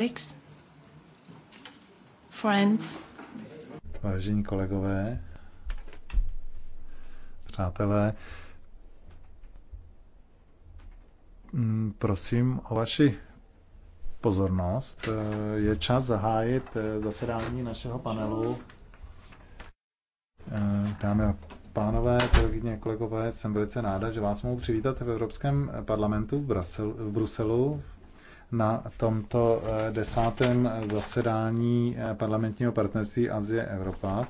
Colleagues, friends. Vážení kolegové, přátelé, mm, prosím o vaši pozornost. Je čas zahájit eh, zasedání našeho panelu. Eh, dámy a pánové, kolegyně, kolegové, jsem velice ráda, že vás mohu přivítat v Evropském parlamentu v, v Bruselu na tomto eh, desátém zasedání eh, parlamentního partnerství Azie Evropa.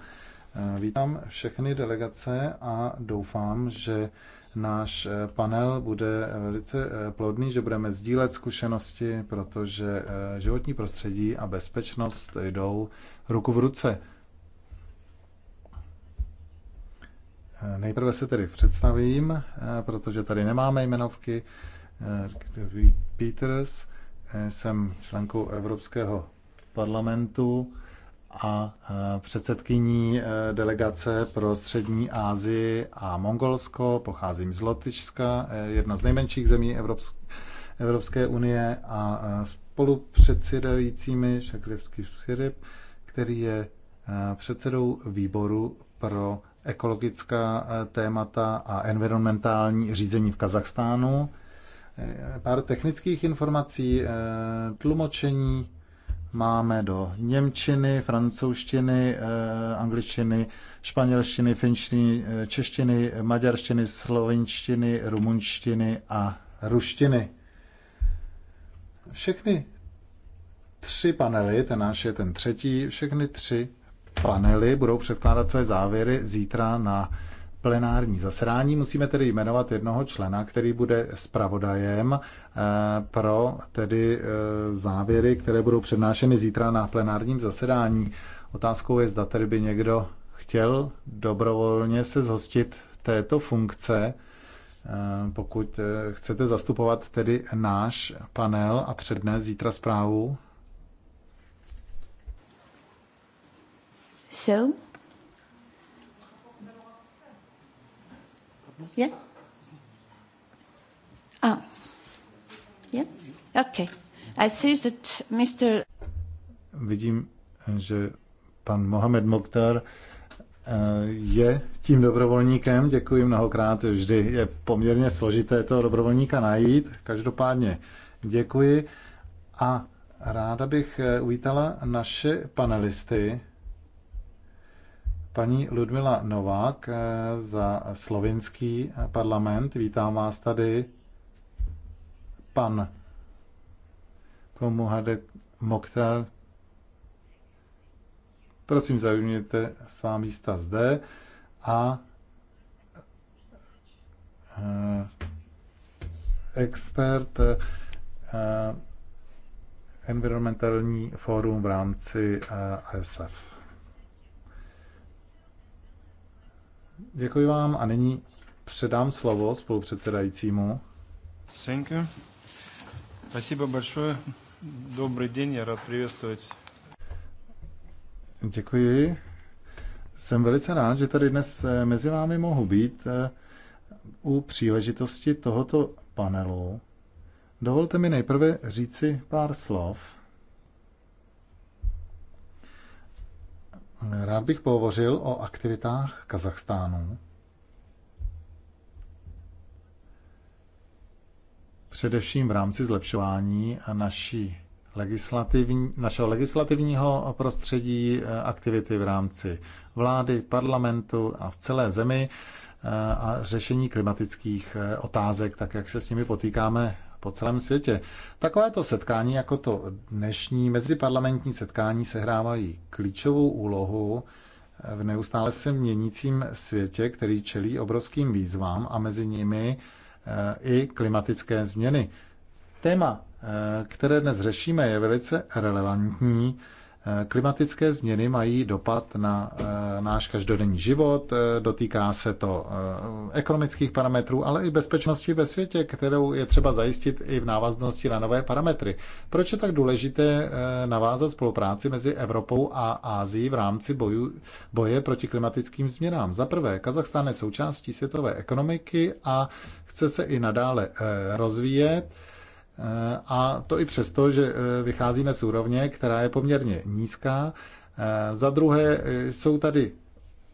Eh, vítám všechny delegace a doufám, že náš panel bude velice plodný, že budeme sdílet zkušenosti, protože životní prostředí a bezpečnost jdou ruku v ruce. Nejprve se tedy představím, protože tady nemáme jmenovky. Peters, Eh, jsem členkou Evropského parlamentu a eh, předsedkyní eh, delegace pro Střední Asii a Mongolsko. Pocházím z Lotyčska, jedna z nejmenších zemí Evropské unie a spolu předsedajícími Šaklevský Syryb, který je předsedou výboru pro ekologická témata a environmentální řízení v Kazachstánu. Eh, pár technických informací. Eh, tlumočení máme do němčiny, francouzštiny, eh, angličtiny, španělštiny, finštiny, češtiny, maďarštiny, slovenštiny, rumunštiny a ruštiny. Všechny tři panely, ten náš je ten třetí, všechny tři panely budou předkládat své závěry zítra na plenární zasedání. Musíme tedy jmenovat jednoho člena, který bude zpravodajem eh, pro tedy eh, závěry, které budou přednášeny zítra na plenárním zasedání. Otázkou je, zda tedy by někdo chtěl dobrovolně se zhostit této funkce, eh, pokud chcete zastupovat tedy náš panel a přednést zítra zprávu. So, Yeah? Ah. Yeah? Okay. I see that Mr. Vidím, že pan Mohamed Mokhtar eh, je tím dobrovolníkem. Děkuji mnohokrát. Vždy je poměrně složité toho dobrovolníka najít. Každopádně děkuji a ráda bych eh, uvítala naše panelisty. Paní Ludmila Novák eh, za slovinský eh, parlament, vítám vás tady. Pan Komuhadek Moktel, prosím zaujměte svá místa zde a eh, expert environmentální fórum v rámci ASF. Děkuji vám a nyní předám slovo spolupředsedajícímu. Thank Спасибо большое. dobrý den. я rád приветствовать. Děkuji. Jsem velice rád, že tady dnes eh, mezi vámi mohu být eh, u příležitosti tohoto panelu. Dovolte mi nejprve říci pár slov Rád bych pohovořil o aktivitách Kazachstánu. Především v rámci zlepšování naší legislativní, našeho legislativního prostředí, eh, aktivity v rámci vlády, parlamentu a v celé zemi eh, a řešení klimatických eh, otázek, tak jak se s nimi potýkáme po celém světě. Takovéto setkání, jako to dnešní meziparlamentní setkání, sehrávají klíčovou úlohu v neustále se měnícím světě, který čelí obrovským výzvám a mezi nimi eh, i klimatické změny. Téma, eh, které dnes řešíme, je velice relevantní Klimatické změny mají dopad na eh, náš každodenní život, eh, dotýká se to eh, ekonomických parametrů, ale i bezpečnosti ve světě, kterou je třeba zajistit i v návaznosti na nové parametry. Proč je tak důležité navázat spolupráci mezi Evropou a Ázií v rámci boju, boje proti klimatickým změnám? Za prvé, Kazachstán je součástí světové ekonomiky a chce se i nadále rozvíjet. A to i přesto, že eh, vycházíme z úrovně, která je poměrně nízká. Eh, za druhé eh, jsou tady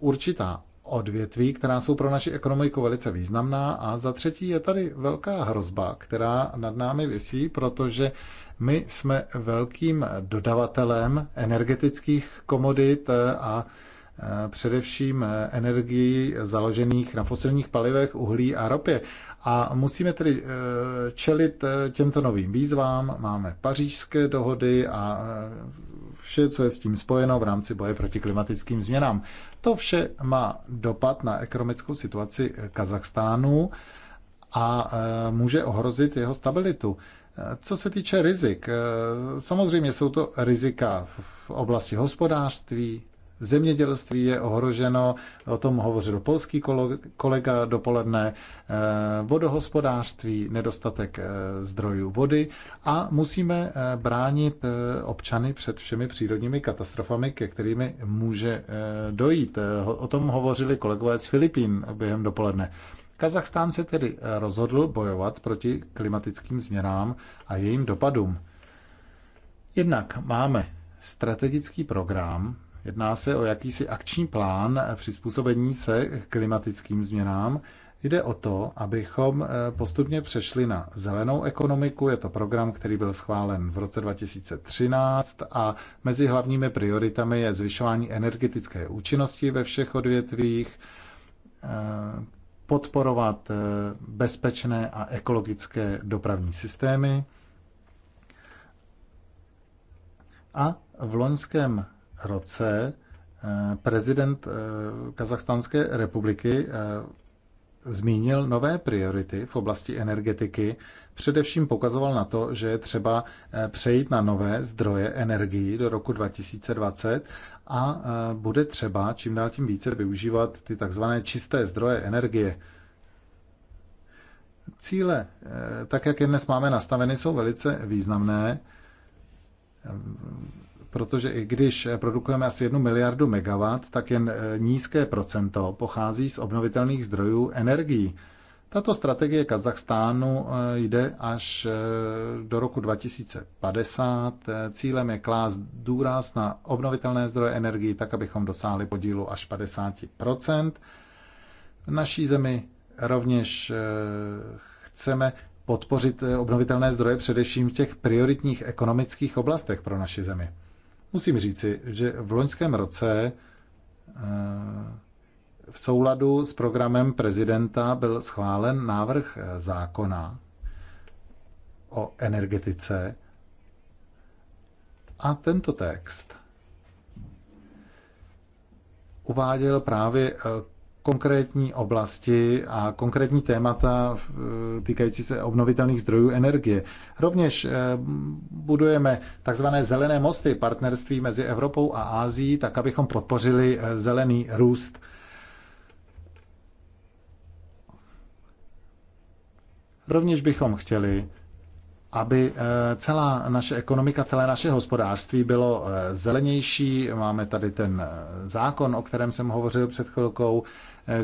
určitá odvětví, která jsou pro naši ekonomiku velice významná. A za třetí je tady velká hrozba, která nad námi visí, protože my jsme velkým dodavatelem energetických komodit a především energií založených na fosilních palivech, uhlí a ropě. A musíme tedy eh, čelit eh, těmto novým výzvám. Máme pařížské dohody a eh, vše, co je s tím spojeno v rámci boje proti klimatickým změnám. To vše má dopad na ekonomickou situaci Kazachstánu a může ohrozit jeho stabilitu. Co se týče rizik, samozřejmě jsou to rizika v oblasti hospodářství, Zemědělství je ohroženo, o tom hovořil polský kolega dopoledne, eh, vodohospodářství, nedostatek eh, zdrojů vody a musíme eh, bránit občany před všemi přírodními katastrofami, ke kterými může dojít. O tom hovořili kolegové z Filipín během dopoledne. Kazachstán se tedy rozhodl bojovat proti klimatickým změnám a jejím dopadům. Jednak máme strategický program Jedná se o jakýsi akční plán přizpůsobení se klimatickým změnám. Jde o to, abychom eh, postupně přešli na zelenou ekonomiku. Je to program, který byl schválen v roce 2013 a mezi hlavními prioritami je zvyšování energetické účinnosti ve všech odvětvích, eh, podporovat eh, bezpečné a ekologické dopravní systémy. A v loňském roce eh, prezident eh, Kazachstánské republiky eh, zmínil nové priority v oblasti energetiky. Především pokazoval na to, že je třeba přejít na nové zdroje energii do roku 2020 a bude třeba čím dál tím více využívat ty takzvané čisté zdroje energie. Cíle, tak jak je dnes máme nastaveny, jsou velice významné protože i když eh, produkujeme asi jednu miliardu megawatt, tak jen eh, nízké procento pochází z obnovitelných zdrojů energií. Tato strategie Kazachstánu eh, jde až do roku 2050. Cílem je klást důraz na obnovitelné zdroje energii, tak abychom dosáhli podílu až 50 V naší zemi rovněž chceme podpořit obnovitelné zdroje především v těch prioritních ekonomických oblastech pro naši zemi. Musím říci, že v loňském roce eh, v souladu s programem prezidenta byl schválen návrh eh, zákona o energetice a tento text uváděl právě eh, konkrétní oblasti a konkrétní témata eh, týkající se obnovitelných zdrojů energie. Rovněž eh, budujeme takzvané zelené mosty partnerství mezi Evropou a Ázií, tak abychom podpořili eh, zelený růst. Rovněž bychom chtěli, aby celá naše ekonomika, celé naše hospodářství bylo zelenější. Máme tady ten zákon, o kterém jsem hovořil před chvilkou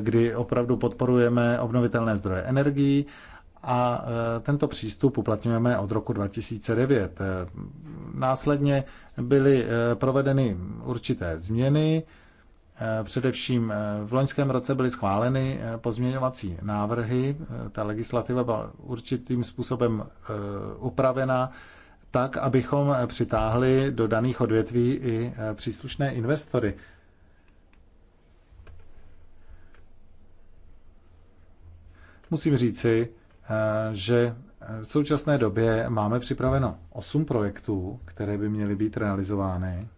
kdy opravdu podporujeme obnovitelné zdroje energií a e, tento přístup uplatňujeme od roku 2009. E, následně byly e, provedeny určité změny, Především v loňském roce byly schváleny pozměňovací návrhy. Ta legislativa byla určitým způsobem upravena tak, abychom přitáhli do daných odvětví i příslušné investory. musím říci, eh, že eh, v současné době máme připraveno 8 projektů, které by měly být realizovány.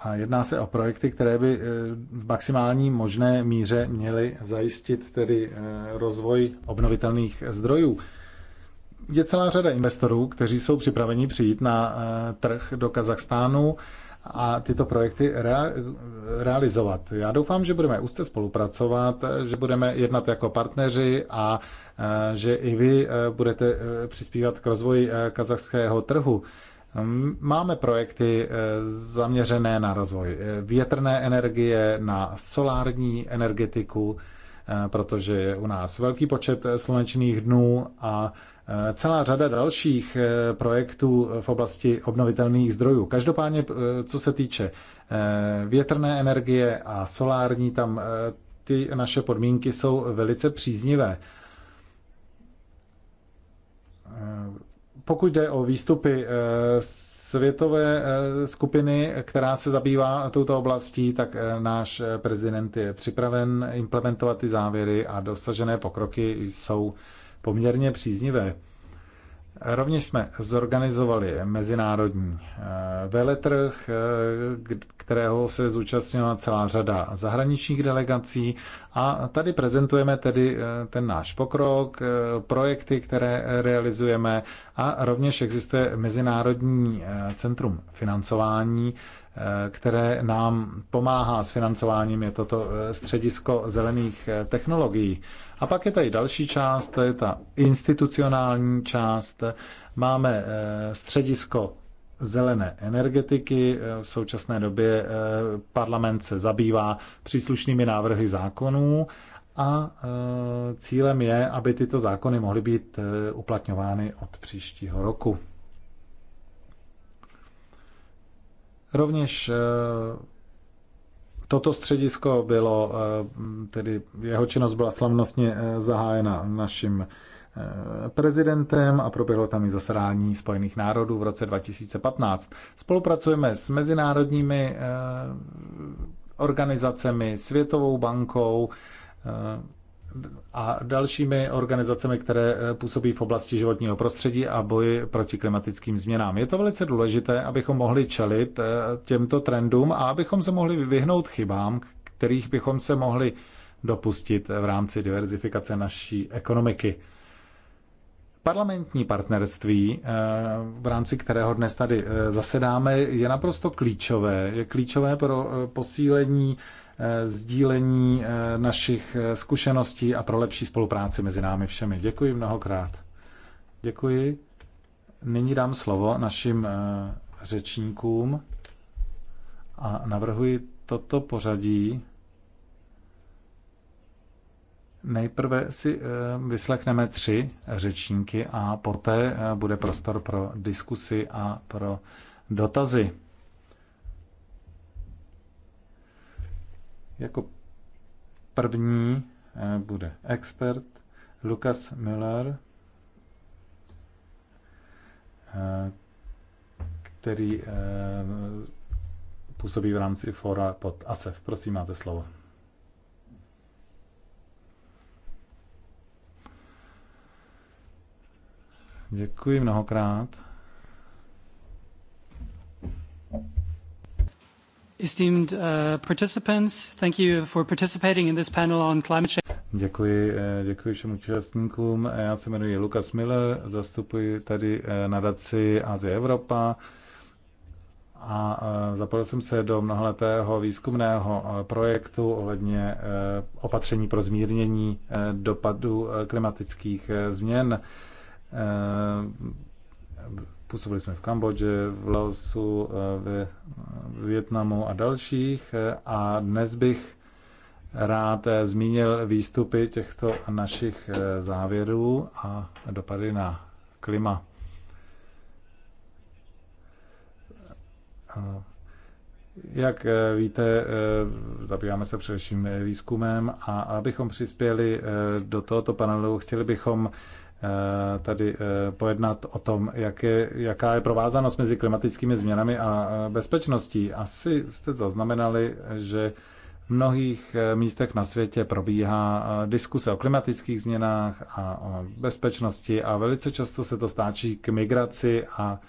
A jedná se o projekty, které by eh, v maximální možné míře měly zajistit tedy rozvoj obnovitelných zdrojů. Je celá řada investorů, kteří jsou připraveni přijít na trh do Kazachstánu a tyto projekty rea- realizovat. Já doufám, že budeme úzce spolupracovat, že budeme jednat jako partneři a e, že i vy e, budete e, přispívat k rozvoji kazachského trhu. Máme projekty zaměřené na rozvoj větrné energie, na solární energetiku, protože je u nás velký počet slunečných dnů a Eh, celá řada dalších eh, projektů v oblasti obnovitelných zdrojů. Každopádně, eh, co se týče větrné energie a solární, tam ty naše podmínky jsou velice příznivé. Pokud jde o výstupy světové skupiny, která se zabývá touto oblastí, tak náš prezident je připraven implementovat ty závěry a dosažené pokroky jsou poměrně příznivé. Rovněž jsme zorganizovali mezinárodní eh, veletrh, eh, kterého se zúčastnila celá řada zahraničních delegací a tady prezentujeme tedy eh, ten náš pokrok, projekty, které realizujeme a rovněž existuje Mezinárodní centrum financování, které nám pomáhá s financováním, je toto středisko zelených technologií. A pak je tady další část, to je ta institucionální část. Máme eh, středisko zelené energetiky. Eh, v současné době eh, parlament se zabývá příslušnými návrhy zákonů a cílem je, aby tyto zákony mohly být uplatňovány od příštího roku. Rovněž Toto středisko bylo, eh, tedy jeho činnost byla slavnostně eh, zahájena naším eh, prezidentem a proběhlo tam i zasedání Spojených národů v roce 2015. Spolupracujeme s mezinárodními organizacemi, Světovou bankou, a dalšími organizacemi, které eh, působí v oblasti životního prostředí a boji proti klimatickým změnám. Je to velice důležité, abychom mohli čelit eh, těmto trendům a abychom se mohli vyhnout chybám, kterých bychom se mohli dopustit v rámci diverzifikace naší ekonomiky. Parlamentní partnerství, eh, v rámci kterého dnes tady zasedáme, je naprosto klíčové. Je klíčové pro posílení Eh, sdílení eh, našich eh, zkušeností a pro lepší spolupráci mezi námi všemi. Děkuji mnohokrát. Děkuji. Nyní dám slovo našim řečníkům a navrhuji toto pořadí. Nejprve si vyslechneme tři řečníky a poté bude prostor pro diskusy a pro dotazy. Jako první eh, bude expert Lukas Miller, eh, který eh, působí v rámci fora pod ASEF. Prosím, máte slovo. Děkuji mnohokrát. Esteemed uh, participants, thank you for participating in this panel on climate change. Děkuji, eh, děkuji všem účastníkům. Eh, já se jmenuji Lukas Miller, zastupuji tady eh, nadaci Asie Evropa a zapojil jsem se do mnohaletého výzkumného projektu ohledně opatření pro zmírnění dopadů klimatických změn Působili jsme v Kambodži, v Laosu, v eh, Větnamu a dalších eh, a dnes bych rád eh, zmínil výstupy těchto našich závěrů a dopady na klima. Jak víte, zabýváme se především výzkumem a abychom přispěli do tohoto panelu, chtěli bychom Eh, tady eh, pojednat o tom, jak je, jaká je provázanost mezi klimatickými změnami a eh, bezpečností. Asi jste zaznamenali, že v mnohých místech na světě probíhá diskuse o klimatických změnách a o bezpečnosti a velice často se to stáčí k migraci a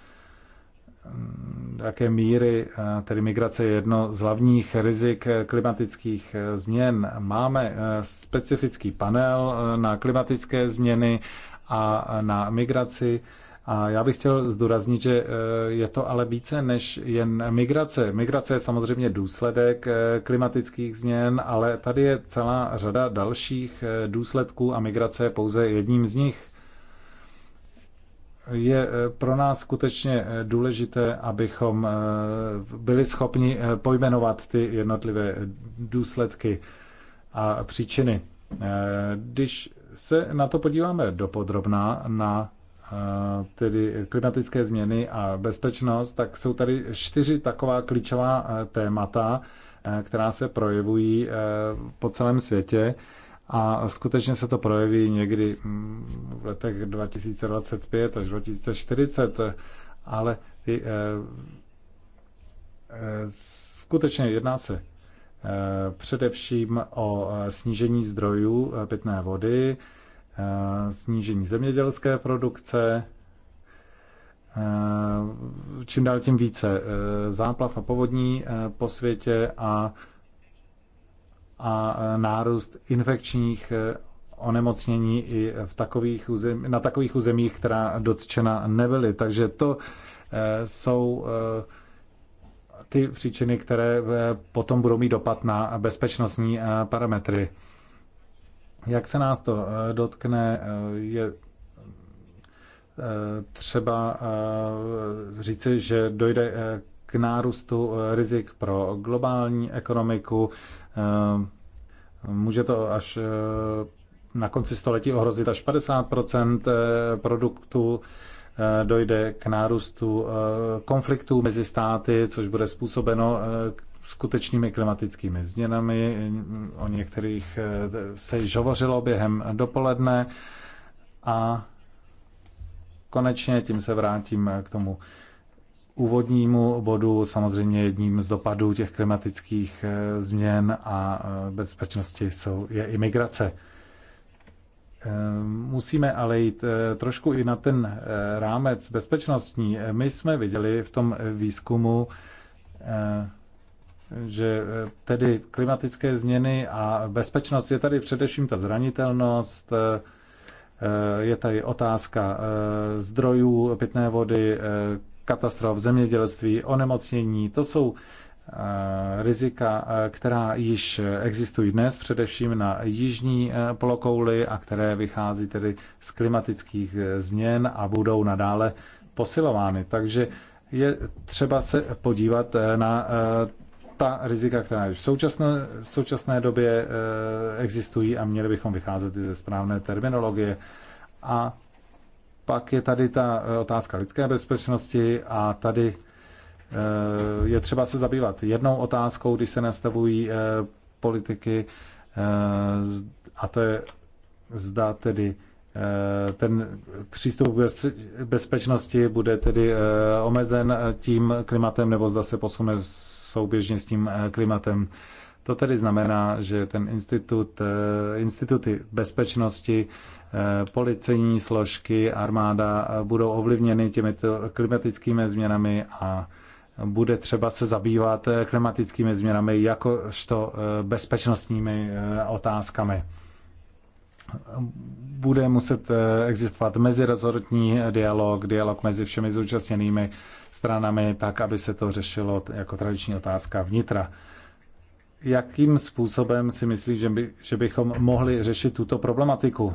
mm, jaké míry, tedy migrace je jedno z hlavních rizik klimatických změn. Máme specifický panel na klimatické změny a na migraci. A já bych chtěl zdůraznit, že eh, je to ale více než jen migrace. Migrace je samozřejmě důsledek eh, klimatických změn, ale tady je celá řada dalších eh, důsledků a migrace je pouze jedním z nich. Je pro nás skutečně důležité, abychom byli schopni pojmenovat ty jednotlivé důsledky a příčiny. Když se na to podíváme dopodrobná na eh, tedy klimatické změny a bezpečnost, tak jsou tady čtyři taková klíčová eh, témata, eh, která se projevují po celém světě a skutečně se to projeví někdy mm, v letech 2025 až 2040, ale ty, skutečně jedná se Eh, především o eh, snížení zdrojů eh, pitné vody, snížení zemědělské produkce, čím dál tím více záplav a povodní po světě a, a nárůst infekčních onemocnění i v takových území, na takových územích, která dotčena nebyly. Takže to jsou ty příčiny, které eh, potom budou mít dopad na bezpečnostní eh, parametry. Jak se nás to eh, dotkne, je třeba říci, že dojde k nárůstu rizik pro globální ekonomiku. Může to až na konci století ohrozit až 50 produktů Eh, dojde k nárůstu eh, konfliktů mezi státy, což bude způsobeno eh, skutečnými klimatickými změnami. O některých se již hovořilo během dopoledne a konečně tím se vrátím k tomu úvodnímu bodu, samozřejmě jedním z dopadů těch klimatických změn a bezpečnosti jsou, je imigrace. Eh, musíme ale jít eh, trošku i na ten eh, rámec bezpečnostní. My jsme viděli v tom výzkumu, že tedy klimatické změny a bezpečnost je tady především ta zranitelnost, je tady otázka zdrojů pitné vody, katastrof, zemědělství, onemocnění. To jsou Eh, rizika, eh, která již existují dnes, především na jižní eh, polokouli a které vychází tedy z klimatických změn a budou nadále posilovány. Takže je třeba se podívat na ta rizika, která v současné, v současné době existují a měli bychom vycházet i ze správné terminologie. A pak je tady ta otázka lidské bezpečnosti a tady Eh, je třeba se zabývat jednou otázkou, když se nastavují eh, politiky, eh, a to je zda tedy ten přístup k bezpečnosti bude tedy omezen tím klimatem, nebo zda se posune souběžně s tím klimatem. To tedy znamená, že ten institut, instituty bezpečnosti, policejní složky, armáda budou ovlivněny těmito klimatickými změnami a bude třeba se zabývat eh, klimatickými změnami jakožto eh, bezpečnostními eh, otázkami. Bude muset existovat mezirezortní dialog, dialog mezi všemi zúčastněnými stranami, tak, aby se to řešilo jako tradiční otázka vnitra. Jakým způsobem si myslí, že, by, že bychom mohli řešit tuto problematiku?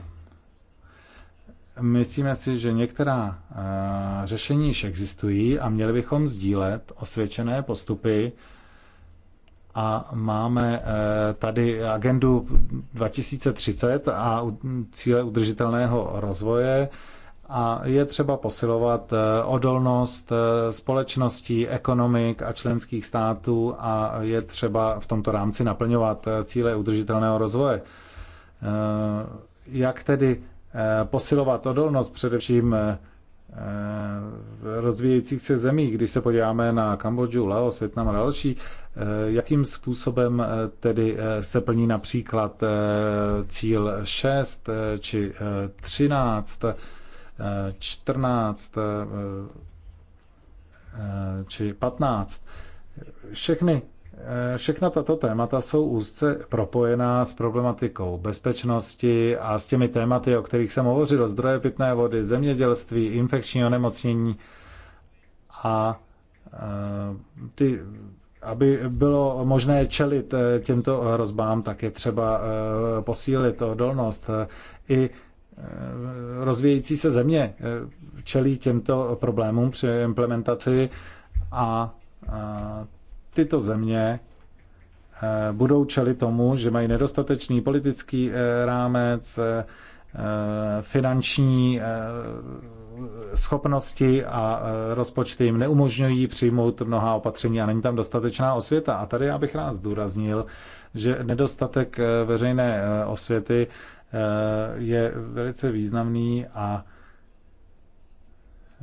Myslíme si, že některá eh, řešení již existují a měli bychom sdílet osvědčené postupy. A máme eh, tady agendu 2030 a cíle udržitelného rozvoje a je třeba posilovat eh, odolnost společností, ekonomik a členských států a je třeba v tomto rámci naplňovat cíle udržitelného rozvoje. Jak tedy Eh, posilovat odolnost především eh, v rozvíjejících se zemích. Když se podíváme na Kambodžu, Laos, Větnam a další, eh, jakým způsobem tedy se plní například cíl 6 či 13, 14 či 15. Všechny Všechna tato témata jsou úzce propojená s problematikou bezpečnosti a s těmi tématy, o kterých jsem hovořil, zdroje pitné vody, zemědělství, infekční onemocnění a eh, ty, aby bylo možné čelit eh, těmto hrozbám, tak je třeba eh, posílit odolnost. I rozvíjející se země čelí těmto problémům při implementaci a tyto země eh, budou čelit tomu, že mají nedostatečný politický eh, rámec, eh, finanční schopnosti a rozpočty jim neumožňují přijmout mnoha opatření a není tam dostatečná osvěta. A tady já bych rád zdůraznil, že nedostatek veřejné osvěty je velice významný a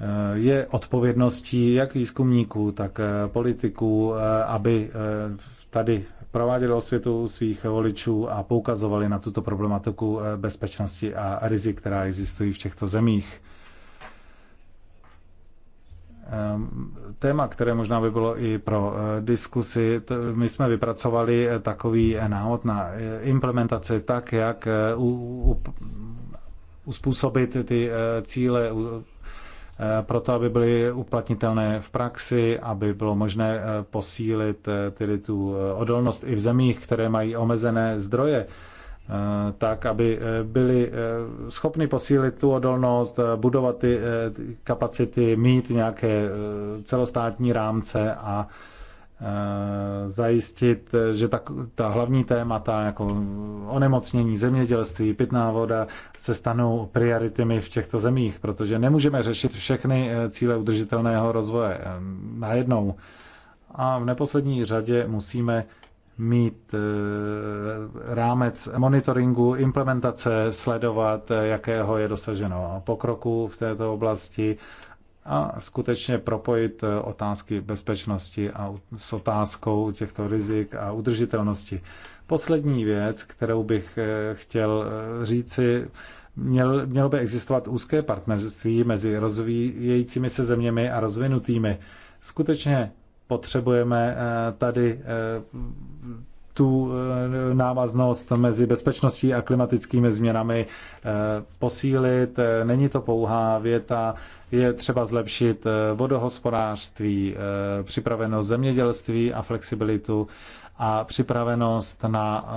Eh, je odpovědností jak výzkumníků, tak eh, politiků, eh, aby tady prováděli osvětu svých voličů a poukazovali na tuto problematiku bezpečnosti a rizik, která existují v těchto zemích. Ehm, téma, které možná by bylo i pro diskusy, my jsme vypracovali takový návod na implementaci tak, jak uspůsobit ty cíle Eh, proto aby byly uplatnitelné v praxi, aby bylo možné eh, posílit eh, tedy tu odolnost i v zemích, které mají omezené zdroje tak, aby byli schopni posílit tu odolnost, budovat ty kapacity, mít nějaké celostátní rámce a Eh, zajistit, že ta, ta hlavní témata jako onemocnění, zemědělství, pitná voda se stanou prioritami v těchto zemích, protože nemůžeme řešit všechny eh, cíle udržitelného rozvoje eh, najednou. A v neposlední řadě musíme mít rámec monitoringu, implementace, sledovat, jakého je dosaženo pokroku v této oblasti a skutečně propojit eh, otázky bezpečnosti a s otázkou těchto rizik a udržitelnosti. Poslední věc, kterou bych eh, chtěl eh, říci, měl, mělo by existovat úzké partnerství mezi rozvíjejícími se zeměmi a rozvinutými. Skutečně potřebujeme tady tu eh, návaznost mezi bezpečností a klimatickými změnami eh, posílit. Eh, není to pouhá věta, je třeba zlepšit vodohospodářství, připravenost zemědělství a flexibilitu a připravenost na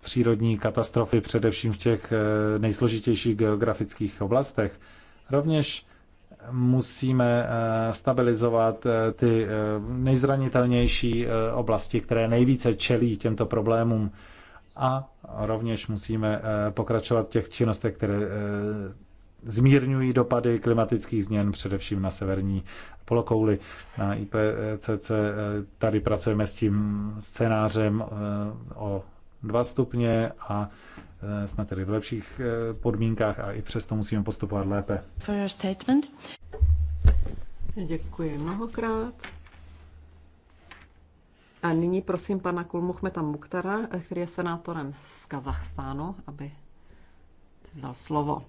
přírodní katastrofy, především v těch nejsložitějších geografických oblastech. Rovněž musíme eh, stabilizovat eh, ty eh, nejzranitelnější oblasti, které nejvíce čelí těmto problémům a rovněž musíme pokračovat v těch činnostech, které zmírňují dopady klimatických změn, především na severní polokouli. Na IPCC tady pracujeme s tím scénářem o dva stupně a Eh, jsme tedy v lepších eh, podmínkách a i přesto musíme postupovat lépe. For your statement. Děkuji mnohokrát. A nyní prosím pana Kulmuchmeta Muktara, eh, který je senátorem z Kazachstánu, aby vzal slovo.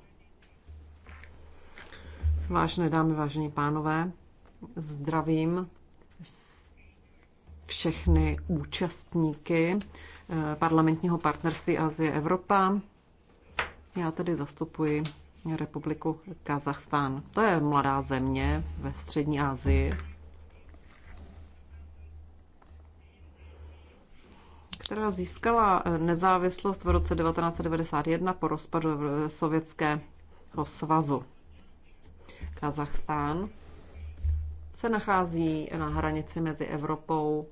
Vážené dámy, vážení pánové, zdravím všechny účastníky Eh, parlamentního partnerství Azie Evropa. Já tedy zastupuji republiku Kazachstán. To je mladá země ve střední Asii, která získala eh, nezávislost v roce 1991 po rozpadu eh, Sovětského svazu. Kazachstán se nachází na hranici mezi Evropou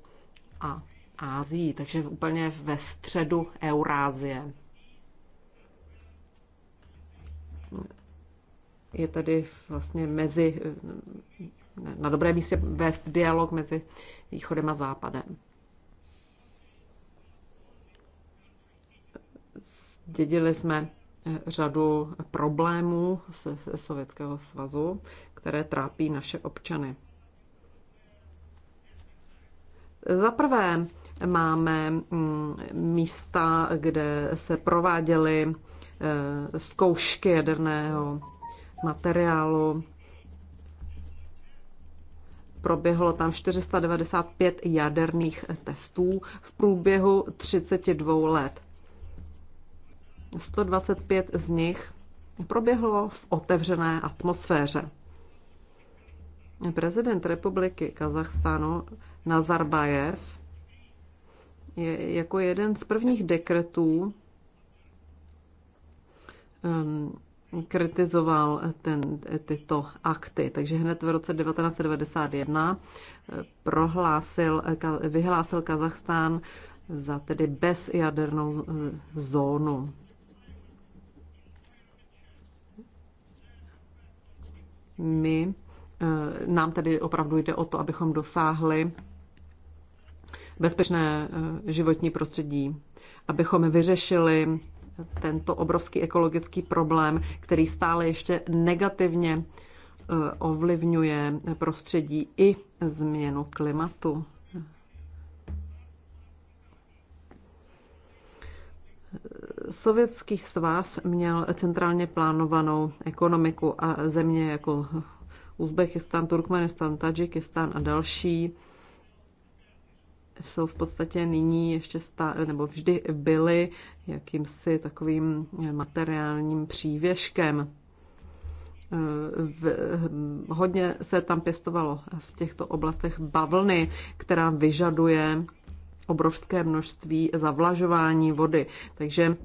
a Ázií, takže úplně ve středu Eurázie. Je tady vlastně mezi, na dobré místě vést dialog mezi východem a západem. Dědili jsme eh, řadu problémů se Sovětského svazu, které trápí naše občany. Za prvé máme mm, místa, kde se prováděly e, zkoušky jaderného materiálu. Proběhlo tam 495 jaderných testů v průběhu 32 let. 125 z nich proběhlo v otevřené atmosféře. Prezident republiky Kazachstánu Nazarbajev je jako jeden z prvních dekretů um, kritizoval ten, tyto akty. Takže hned v roce 1991 eh, prohlásil, vyhlásil Kazachstán za tedy bezjadernou eh, zónu. My Eh, nám tedy opravdu jde o to, abychom dosáhli bezpečné eh, životní prostředí, abychom vyřešili tento obrovský ekologický problém, který stále ještě negativně eh, ovlivňuje prostředí i změnu klimatu. Sovětský svaz měl centrálně plánovanou ekonomiku a země jako Uzbekistan, Turkmenistan, Tadžikistan a další jsou v podstatě nyní ještě stá, nebo vždy byly jakýmsi takovým materiálním přívěžkem. V, hodně se tam pěstovalo v těchto oblastech bavlny, která vyžaduje obrovské množství zavlažování vody. Takže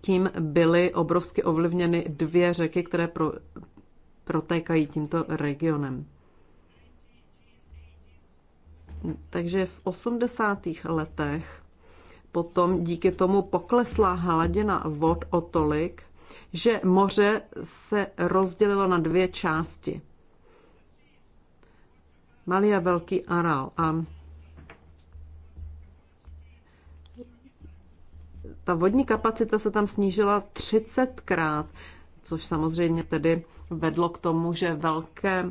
tím byly obrovsky ovlivněny dvě řeky, které pro, protékají tímto regionem. Takže v 80. letech potom díky tomu poklesla hladina vod o tolik, že moře se rozdělilo na dvě části. Malý a velký Aral. A ta vodní kapacita se tam snížila 30krát což samozřejmě tedy vedlo k tomu, že velké,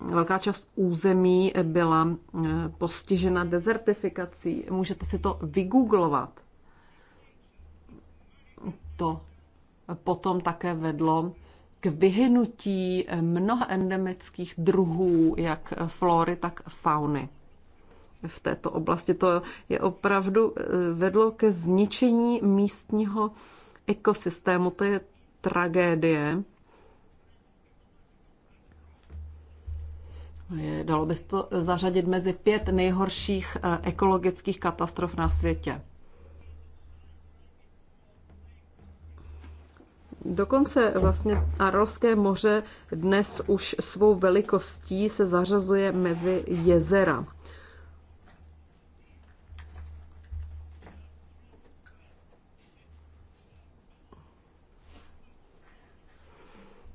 velká část území byla postižena dezertifikací. Můžete si to vygooglovat. To potom také vedlo k vyhynutí mnoha endemických druhů, jak flory, tak fauny v této oblasti. To je opravdu eh, vedlo ke zničení místního ekosystému. To je tragédie. Je, dalo by se to zařadit mezi pět nejhorších eh, ekologických katastrof na světě. Dokonce vlastně Aralské moře dnes už svou velikostí se zařazuje mezi jezera.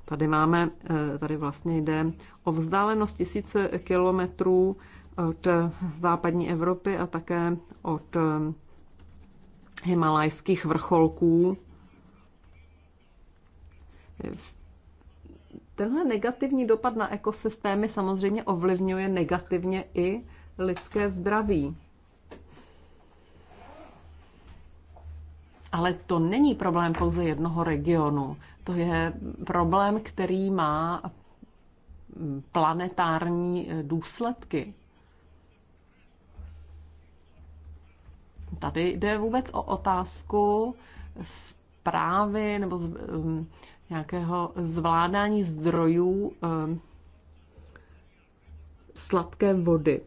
Tady máme, eh, tady vlastně jde o vzdálenost tisíce kilometrů od západní Evropy a také od eh, himalajských vrcholků. Tenhle negativní dopad na ekosystémy samozřejmě ovlivňuje negativně i lidské zdraví. Ale to není problém pouze jednoho regionu. To je problém, který má planetární eh, důsledky. Tady jde vůbec o otázku zprávy nebo z, um, nějakého zvládání zdrojů um, sladké vody.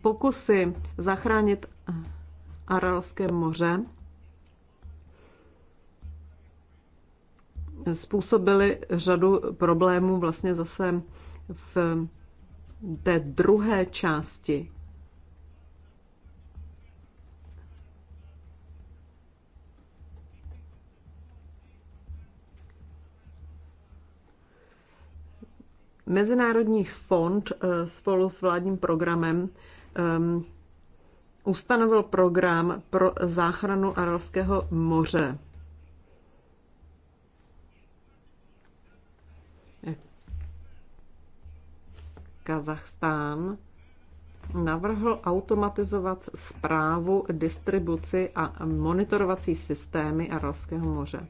pokusy zachránit Aralské moře způsobily řadu problémů vlastně zase v té druhé části. Mezinárodní fond eh, spolu s vládním programem um, ustanovil program pro záchranu Aralského moře. Kazachstán navrhl automatizovat zprávu, distribuci a monitorovací systémy Aralského moře.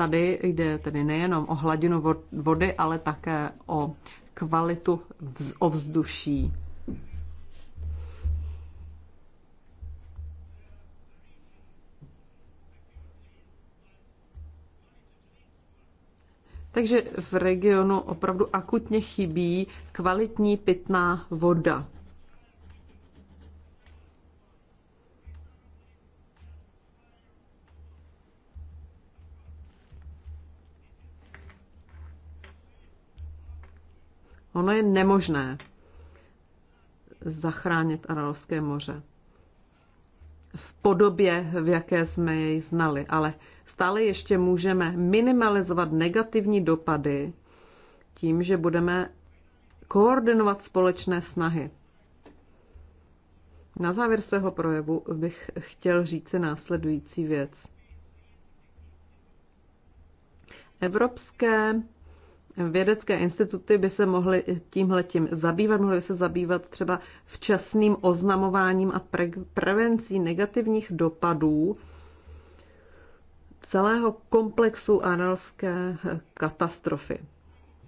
Tady jde tedy nejenom o hladinu vody, ale také o kvalitu ovzduší. Takže v regionu opravdu akutně chybí kvalitní pitná voda. Ono je nemožné zachránit Aralské moře v podobě, v jaké jsme jej znali, ale stále ještě můžeme minimalizovat negativní dopady tím, že budeme koordinovat společné snahy. Na závěr svého projevu bych chtěl říci následující věc. Evropské Vědecké instituty by se mohly tímhletím zabývat, mohly by se zabývat třeba včasným oznamováním a prevencí negativních dopadů celého komplexu analské eh, katastrofy.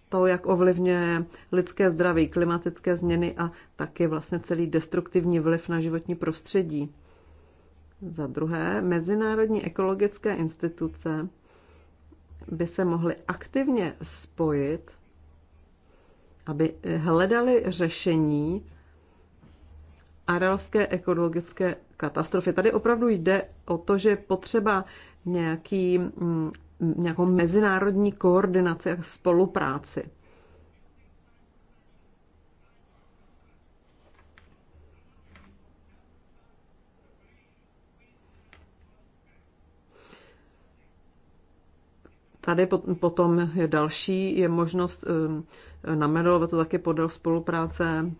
To, jak ovlivňuje lidské zdraví, klimatické změny a taky vlastně celý destruktivní vliv na životní prostředí. Za druhé, mezinárodní ekologické instituce by se mohli aktivně spojit, aby hledali řešení aralské ekologické katastrofy. Tady opravdu jde o to, že je potřeba nějaký, mm, nějakou mezinárodní koordinaci a spolupráci. Tady potom je další je možnost ehm, namerovat to také podél spolupráce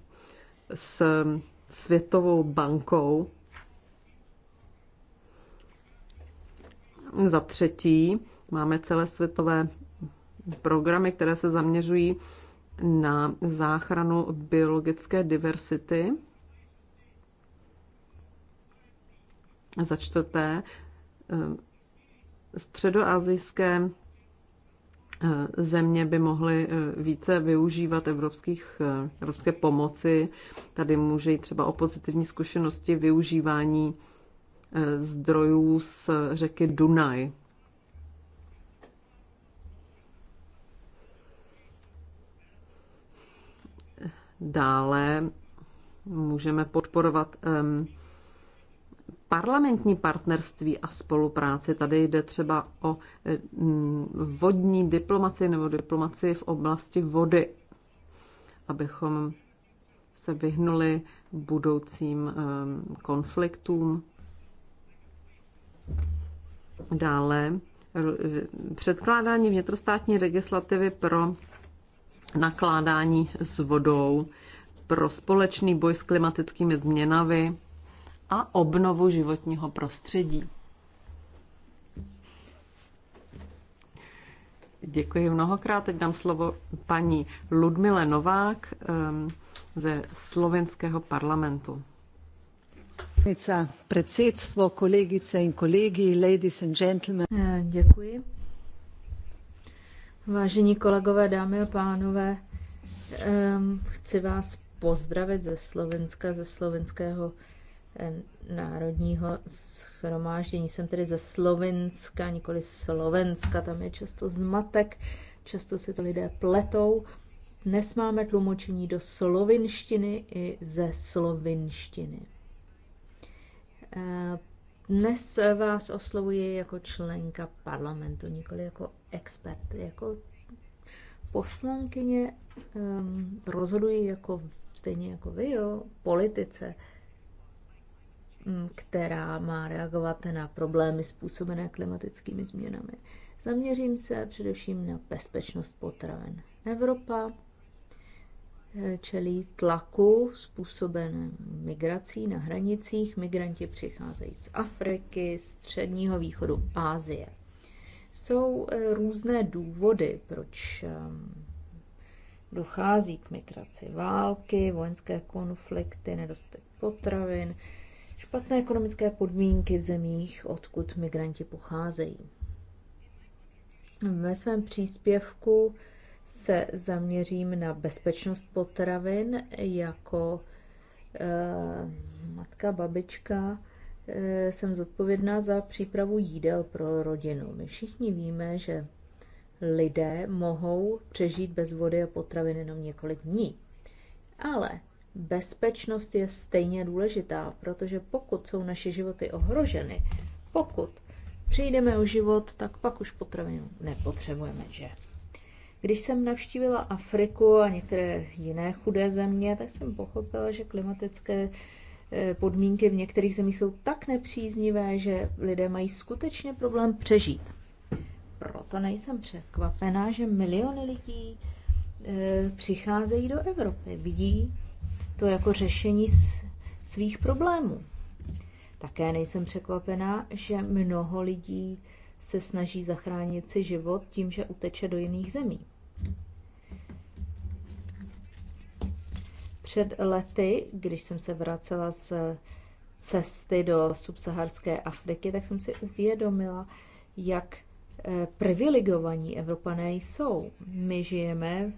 s ehm, Světovou bankou. Za třetí máme celé světové programy, které se zaměřují na záchranu biologické diversity. Za čtvrté, ehm, středoazijské Eh, země by mohly eh, více využívat evropských, eh, evropské pomoci. Tady může jít třeba o pozitivní zkušenosti využívání zdrojů z řeky Dunaj. Dále můžeme podporovat um, parlamentní partnerství a spolupráci. Tady jde třeba o mm, vodní diplomaci nebo diplomaci v oblasti vody, abychom se vyhnuli budoucím ehm, konfliktům. Dále předkládání vnitrostátní legislativy pro nakládání s vodou, pro společný boj s klimatickými změnami, a obnovu životního prostředí. Děkuji mnohokrát. Teď dám slovo paní Ludmile Novák ehm, ze slovenského parlamentu. Předsedstvo, kolegice in kolegy, ladies and gentlemen. Eh, děkuji. Vážení kolegové, dámy a pánové, ehm, chci vás pozdravit ze Slovenska, ze slovenského Eh, národního schromáždění. Jsem tedy ze Slovenska, nikoli Slovenska, tam je často zmatek, často si to lidé pletou. Dnes máme tlumočení do slovinštiny i ze slovinštiny. Eh, dnes vás oslovuji jako členka parlamentu, nikoli jako expert, jako poslankyně ehm, rozhoduji jako, stejně jako vy jo, politice, Mm, která má reagovat na problémy způsobené klimatickými změnami. Zaměřím se především na bezpečnost potravin. Evropa eh, čelí tlaku způsobené migrací na hranicích. Migranti přicházejí z Afriky, Středního východu, Ázie. Jsou eh, různé důvody, proč ehm, dochází k migraci. Války, vojenské konflikty, nedostatek potravin, špatné ekonomické podmínky v zemích, odkud migranti pocházejí. Ve svém příspěvku se zaměřím na bezpečnost potravin jako eh, matka, babička. Eh, jsem zodpovědná za přípravu jídel pro rodinu. My všichni víme, že lidé mohou přežít bez vody a potravin jenom několik dní. Ale bezpečnost je stejně důležitá, protože pokud jsou naše životy ohroženy, pokud přijdeme o život, tak pak už potravinu nepotřebujeme, že? Když jsem navštívila Afriku a některé jiné chudé země, tak jsem pochopila, že klimatické eh, podmínky v některých zemích jsou tak nepříznivé, že lidé mají skutečně problém přežít. Proto nejsem překvapená, že miliony lidí eh, přicházejí do Evropy, vidí to jako řešení svých problémů. Také nejsem překvapená, že mnoho lidí se snaží zachránit si život tím, že uteče do jiných zemí. Před lety, když jsem se vracela z cesty do subsaharské Afriky, tak jsem si uvědomila, jak eh, privilegovaní Evropané jsou. My žijeme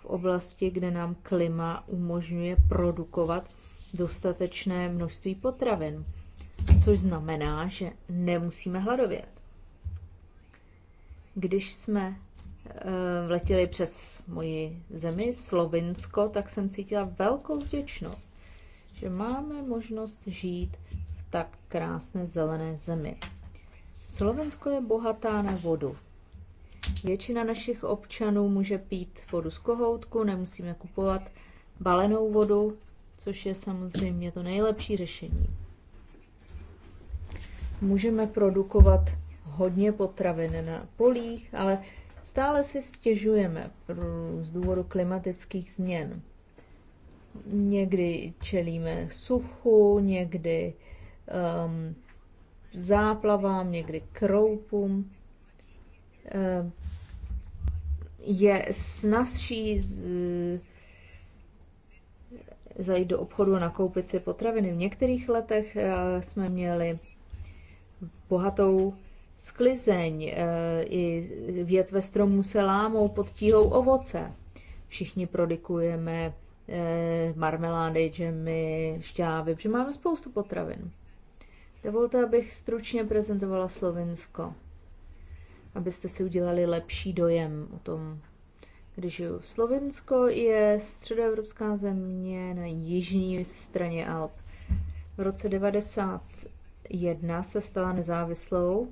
v oblasti, kde nám klima umožňuje produkovat dostatečné množství potravin, což znamená, že nemusíme hladovět. Když jsme eh, letěli přes moji zemi, Slovinsko, tak jsem cítila velkou vděčnost, že máme možnost žít v tak krásné zelené zemi. Slovensko je bohatá na vodu, Většina našich občanů může pít vodu z kohoutku, nemusíme kupovat balenou vodu, což je samozřejmě to nejlepší řešení. Můžeme produkovat hodně potravin na polích, ale stále si stěžujeme z důvodu klimatických změn. Někdy čelíme suchu, někdy um, záplavám, někdy kroupům. Um, je snazší z, zajít do obchodu a nakoupit si potraviny. V některých letech eh, jsme měli bohatou sklizeň, eh, i větve stromů se lámou pod tíhou ovoce. Všichni produkujeme eh, marmelády, džemy, šťávy, protože máme spoustu potravin. Dovolte, abych stručně prezentovala Slovinsko abyste si udělali lepší dojem o tom, kde žiju. Slovinsko je středoevropská země na jižní straně Alp. V roce 1991 se stala nezávislou.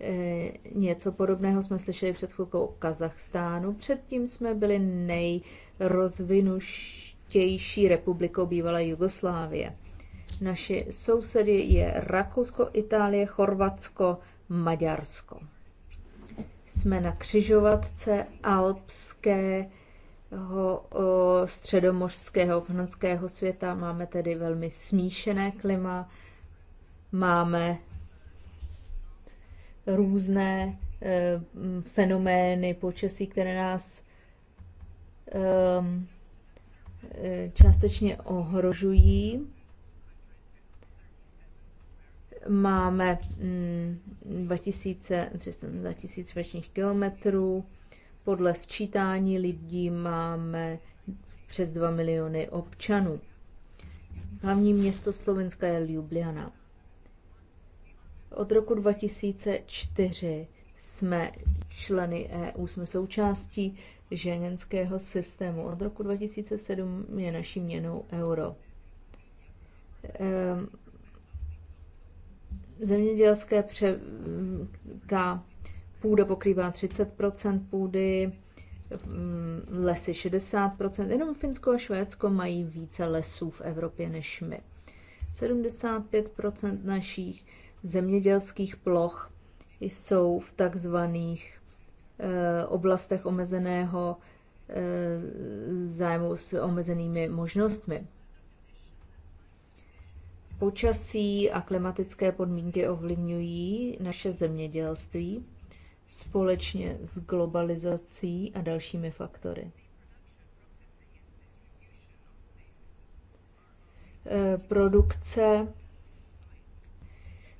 E, něco podobného jsme slyšeli před chvilkou o Kazachstánu. Předtím jsme byli nejrozvinutější republikou bývalé Jugoslávie. Naši sousedy je Rakousko, Itálie, Chorvatsko, Maďarsko. Jsme na křižovatce alpského, středomořského, panonského světa. Máme tedy velmi smíšené klima. Máme různé e, fenomény počasí, které nás e, e částečně ohrožují máme 2000, mm, 2000 čtverečních kilometrů, podle sčítání lidí máme přes 2 miliony občanů. Hlavní město Slovenska je Ljubljana. Od roku 2004 jsme členy EU, jsme součástí ženského systému. Od roku 2007 je naší měnou euro. Ehm zemědělské pře, půda pokrývá 30 půdy, mm, lesy 60 Jenom Finsko a Švédsko mají více lesů v Evropě než my. 75 našich zemědělských ploch jsou v takzvaných eh, oblastech omezeného eh, zájmu s omezenými možnostmi. Počasí a klimatické podmínky ovlivňují naše zemědělství společně s globalizací a dalšími faktory. Eh, produkce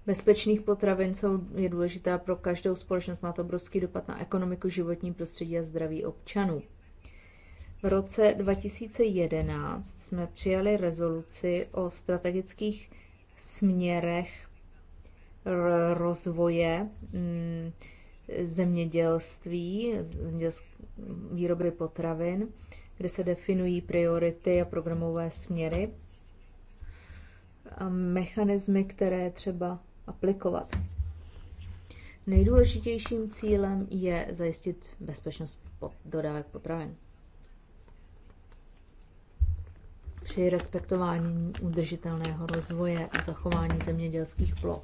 bezpečných potravin jsou, je důležitá pro každou společnost. Má to obrovský dopad na ekonomiku, životní prostředí a zdraví občanů. V roce 2011 jsme přijali rezoluci o strategických směrech rozvoje mm, zemědělství, výroby potravin, kde se definují priority a programové směry a mechanismy, které třeba aplikovat. Nejdůležitějším cílem je zajistit bezpečnost dodávek potravin. při respektování udržitelného rozvoje a zachování zemědělských ploch.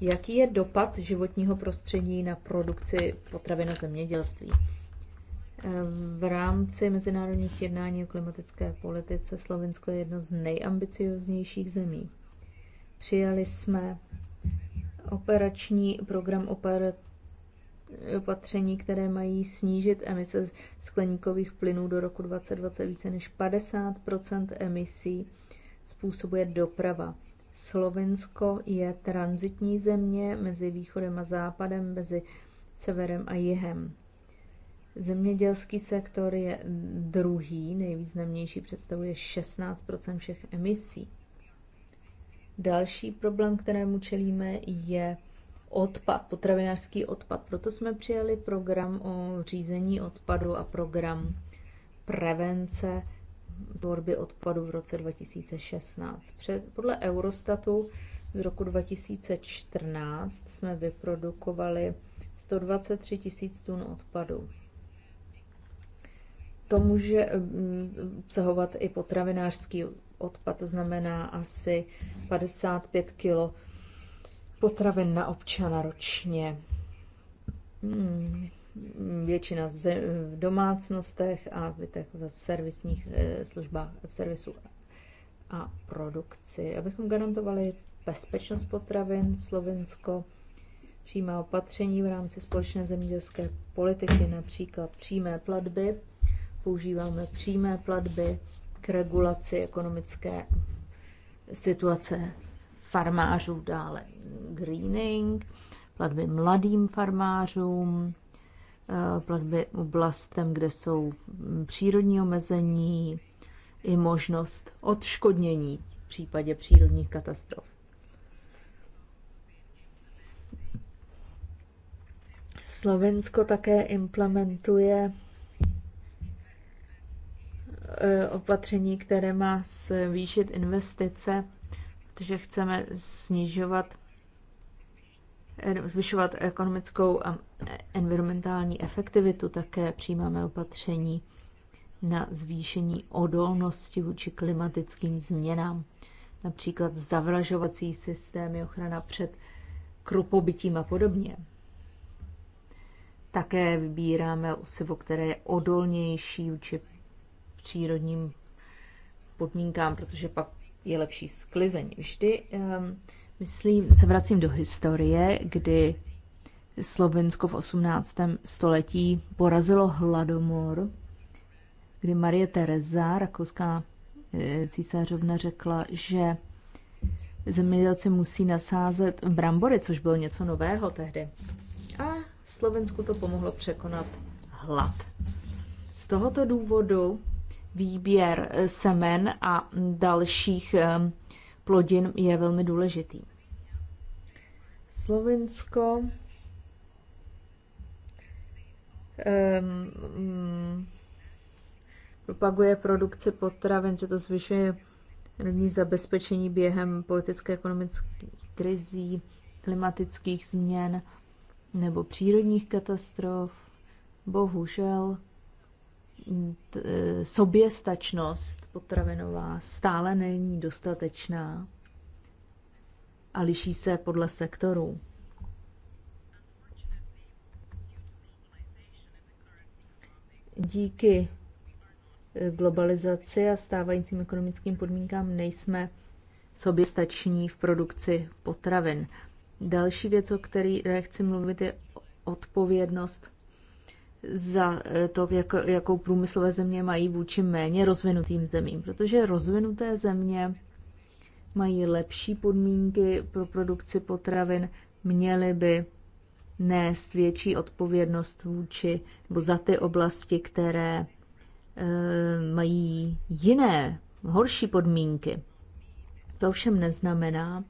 Jaký je dopad životního prostředí na produkci potravin a zemědělství? Eh, v rámci mezinárodních jednání o klimatické politice Slovensko je jedno z nejambicioznějších zemí. Přijali jsme operační program operat opatření, které mají snížit emise skleníkových plynů do roku 2020 více než 50 emisí způsobuje doprava. Slovinsko je transitní země mezi východem a západem, mezi severem a jihem. Zemědělský sektor je druhý, nejvýznamnější, představuje 16 všech emisí. Další problém, kterému čelíme, je odpad, potravinářský odpad. Proto jsme přijali program o řízení odpadu a program prevence tvorby odpadu v roce 2016. Před, podle Eurostatu z roku 2014 jsme vyprodukovali 123 tisíc tun odpadu. To může mm, obsahovat i potravinářský odpad, to znamená asi 55 kg potravin na občana ročně. Hmm. Většina v domácnostech a zbytek v servisních eh, službách, v servisu a produkci. Abychom garantovali bezpečnost potravin, Slovensko přijímá opatření v rámci společné zemědělské politiky, například přímé platby. Používáme přímé platby k regulaci ekonomické situace farmářů, dále greening, platby mladým farmářům, eh, platby oblastem, kde jsou přírodní omezení i možnost odškodnění v případě přírodních katastrof. Slovensko také implementuje eh, opatření, které má zvýšit investice protože chceme snižovat, eh, zvyšovat ekonomickou a environmentální efektivitu, také přijímáme opatření na zvýšení odolnosti vůči klimatickým změnám, například zavlažovací systémy, ochrana před krupobytím a podobně. Také vybíráme osivo, které je odolnější vůči přírodním podmínkám, protože pak je lepší sklizeň. Vždy, um, myslím, se vracím do historie, kdy Slovensko v 18. století porazilo hladomor, kdy Marie Tereza, rakouská eh, císařovna, řekla, že zemědělci musí nasázet brambory, což bylo něco nového tehdy. A Slovensku to pomohlo překonat hlad. Z tohoto důvodu výběr eh, semen a dalších eh, plodin je velmi důležitý. Slovinsko. Um, propaguje produkci potravin, že to zvyšuje rovní zabezpečení během politické ekonomických krizí, klimatických změn nebo přírodních katastrof. Bohužel E, soběstačnost potravinová stále není dostatečná a liší se podle sektorů. Díky e, globalizaci a stávajícím ekonomickým podmínkám nejsme soběstační v produkci potravin. Další věc, o které chci mluvit, je odpovědnost za eh, to, jak, jakou průmyslové země mají vůči méně rozvinutým zemím, protože rozvinuté země mají lepší podmínky pro produkci potravin, měly by nést větší odpovědnost vůči nebo za ty oblasti, které e, mají jiné, horší podmínky. To ovšem neznamená,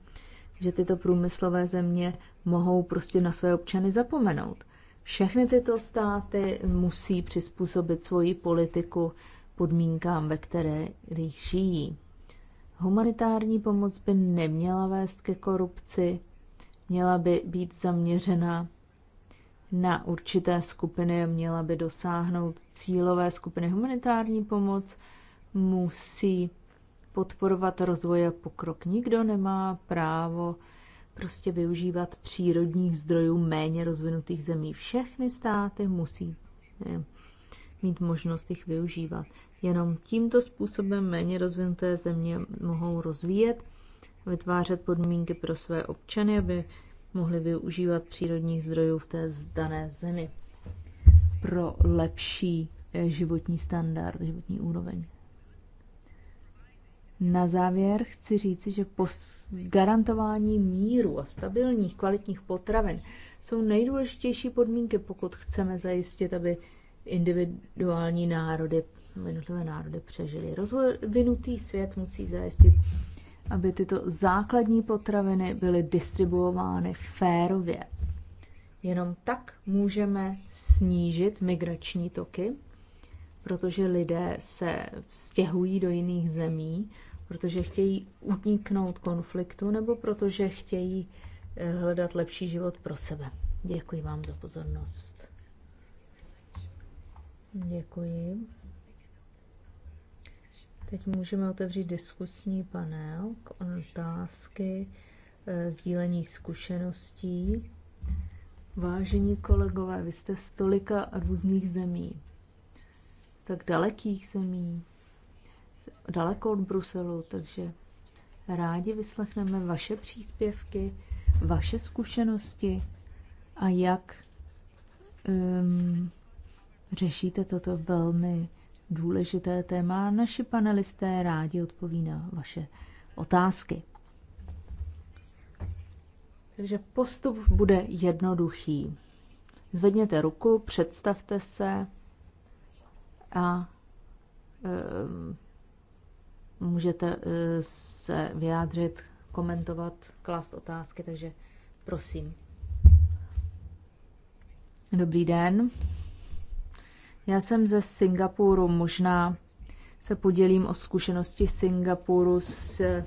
že tyto průmyslové země mohou prostě na své občany zapomenout. Všechny tyto státy musí přizpůsobit svoji politiku podmínkám, ve které žijí. Humanitární pomoc by neměla vést ke korupci, měla by být zaměřena na určité skupiny, měla by dosáhnout cílové skupiny. Humanitární pomoc musí podporovat rozvoj a pokrok. Nikdo nemá právo prostě využívat přírodních zdrojů méně rozvinutých zemí. Všechny státy musí mít možnost jich využívat. Jenom tímto způsobem méně rozvinuté země mohou rozvíjet, vytvářet podmínky pro své občany, aby mohli využívat přírodních zdrojů v té zdané zemi pro lepší eh, životní standard, životní úroveň. Na závěr chci říci, že garantování míru a stabilních kvalitních potravin jsou nejdůležitější podmínky, pokud chceme zajistit, aby individuální národy, jednotlivé národy přežily. Rozvinutý svět musí zajistit, aby tyto základní potraviny byly distribuovány férově. Jenom tak můžeme snížit migrační toky protože lidé se stěhují do jiných zemí, protože chtějí utíknout konfliktu nebo protože chtějí eh, hledat lepší život pro sebe. Děkuji vám za pozornost. Děkuji. Teď můžeme otevřít diskusní panel k otázky eh, sdílení zkušeností. Vážení kolegové, vy jste z tolika různých zemí tak dalekých zemí, daleko od Bruselu, takže rádi vyslechneme vaše příspěvky, vaše zkušenosti a jak um, řešíte toto velmi důležité téma. Naši panelisté rádi odpoví na vaše otázky. Takže postup bude jednoduchý. Zvedněte ruku, představte se, a ehm, můžete e, se vyjádřit, komentovat, klást otázky, takže prosím. Dobrý den. Já jsem ze Singapuru, možná se podělím o zkušenosti Singapuru s e,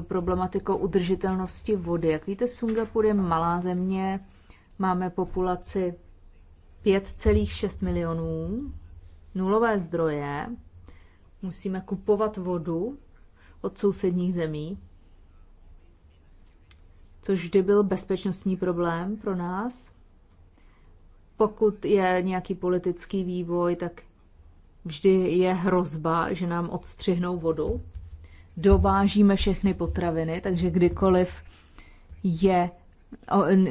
problematikou udržitelnosti vody. Jak víte, Singapur je malá země, máme populaci 5,6 milionů nulové zdroje, musíme kupovat vodu od sousedních zemí, což vždy byl bezpečnostní problém pro nás. Pokud je nějaký politický vývoj, tak vždy je hrozba, že nám odstřihnou vodu. Dovážíme všechny potraviny, takže kdykoliv je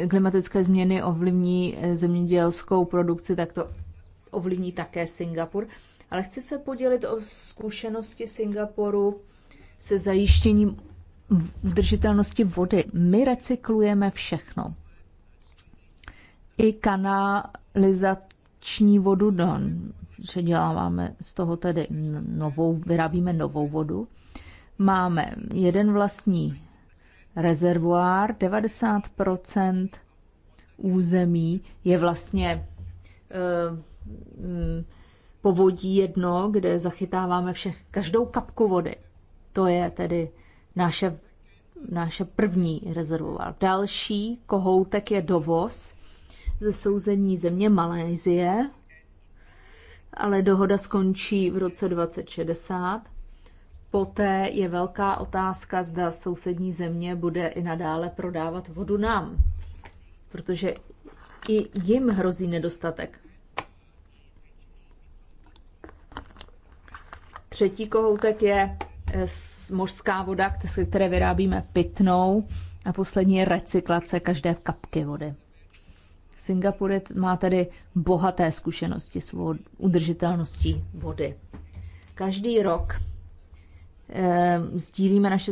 klimatické změny ovlivní eh, zemědělskou produkci, tak to ovlivní také Singapur. Ale chci se podělit o zkušenosti Singapuru se zajištěním udržitelnosti vody. My recyklujeme všechno. I kanalizační vodu, no, děláváme z toho tedy novou, vyrábíme novou vodu. Máme jeden vlastní rezervoár, 90% území je vlastně eh, Mm, povodí jedno, kde zachytáváme všech, každou kapku vody. To je tedy naše, naše první rezervoár. Další kohoutek je dovoz ze souzení země Malézie, ale dohoda skončí v roce 2060. Poté je velká otázka, zda sousední země bude i nadále prodávat vodu nám, protože i jim hrozí nedostatek. Třetí kohoutek je eh, mořská voda, které vyrábíme pitnou. A poslední je recyklace každé kapky vody. Singapur má tedy bohaté zkušenosti s udržitelností vody. Každý rok eh, sdílíme naše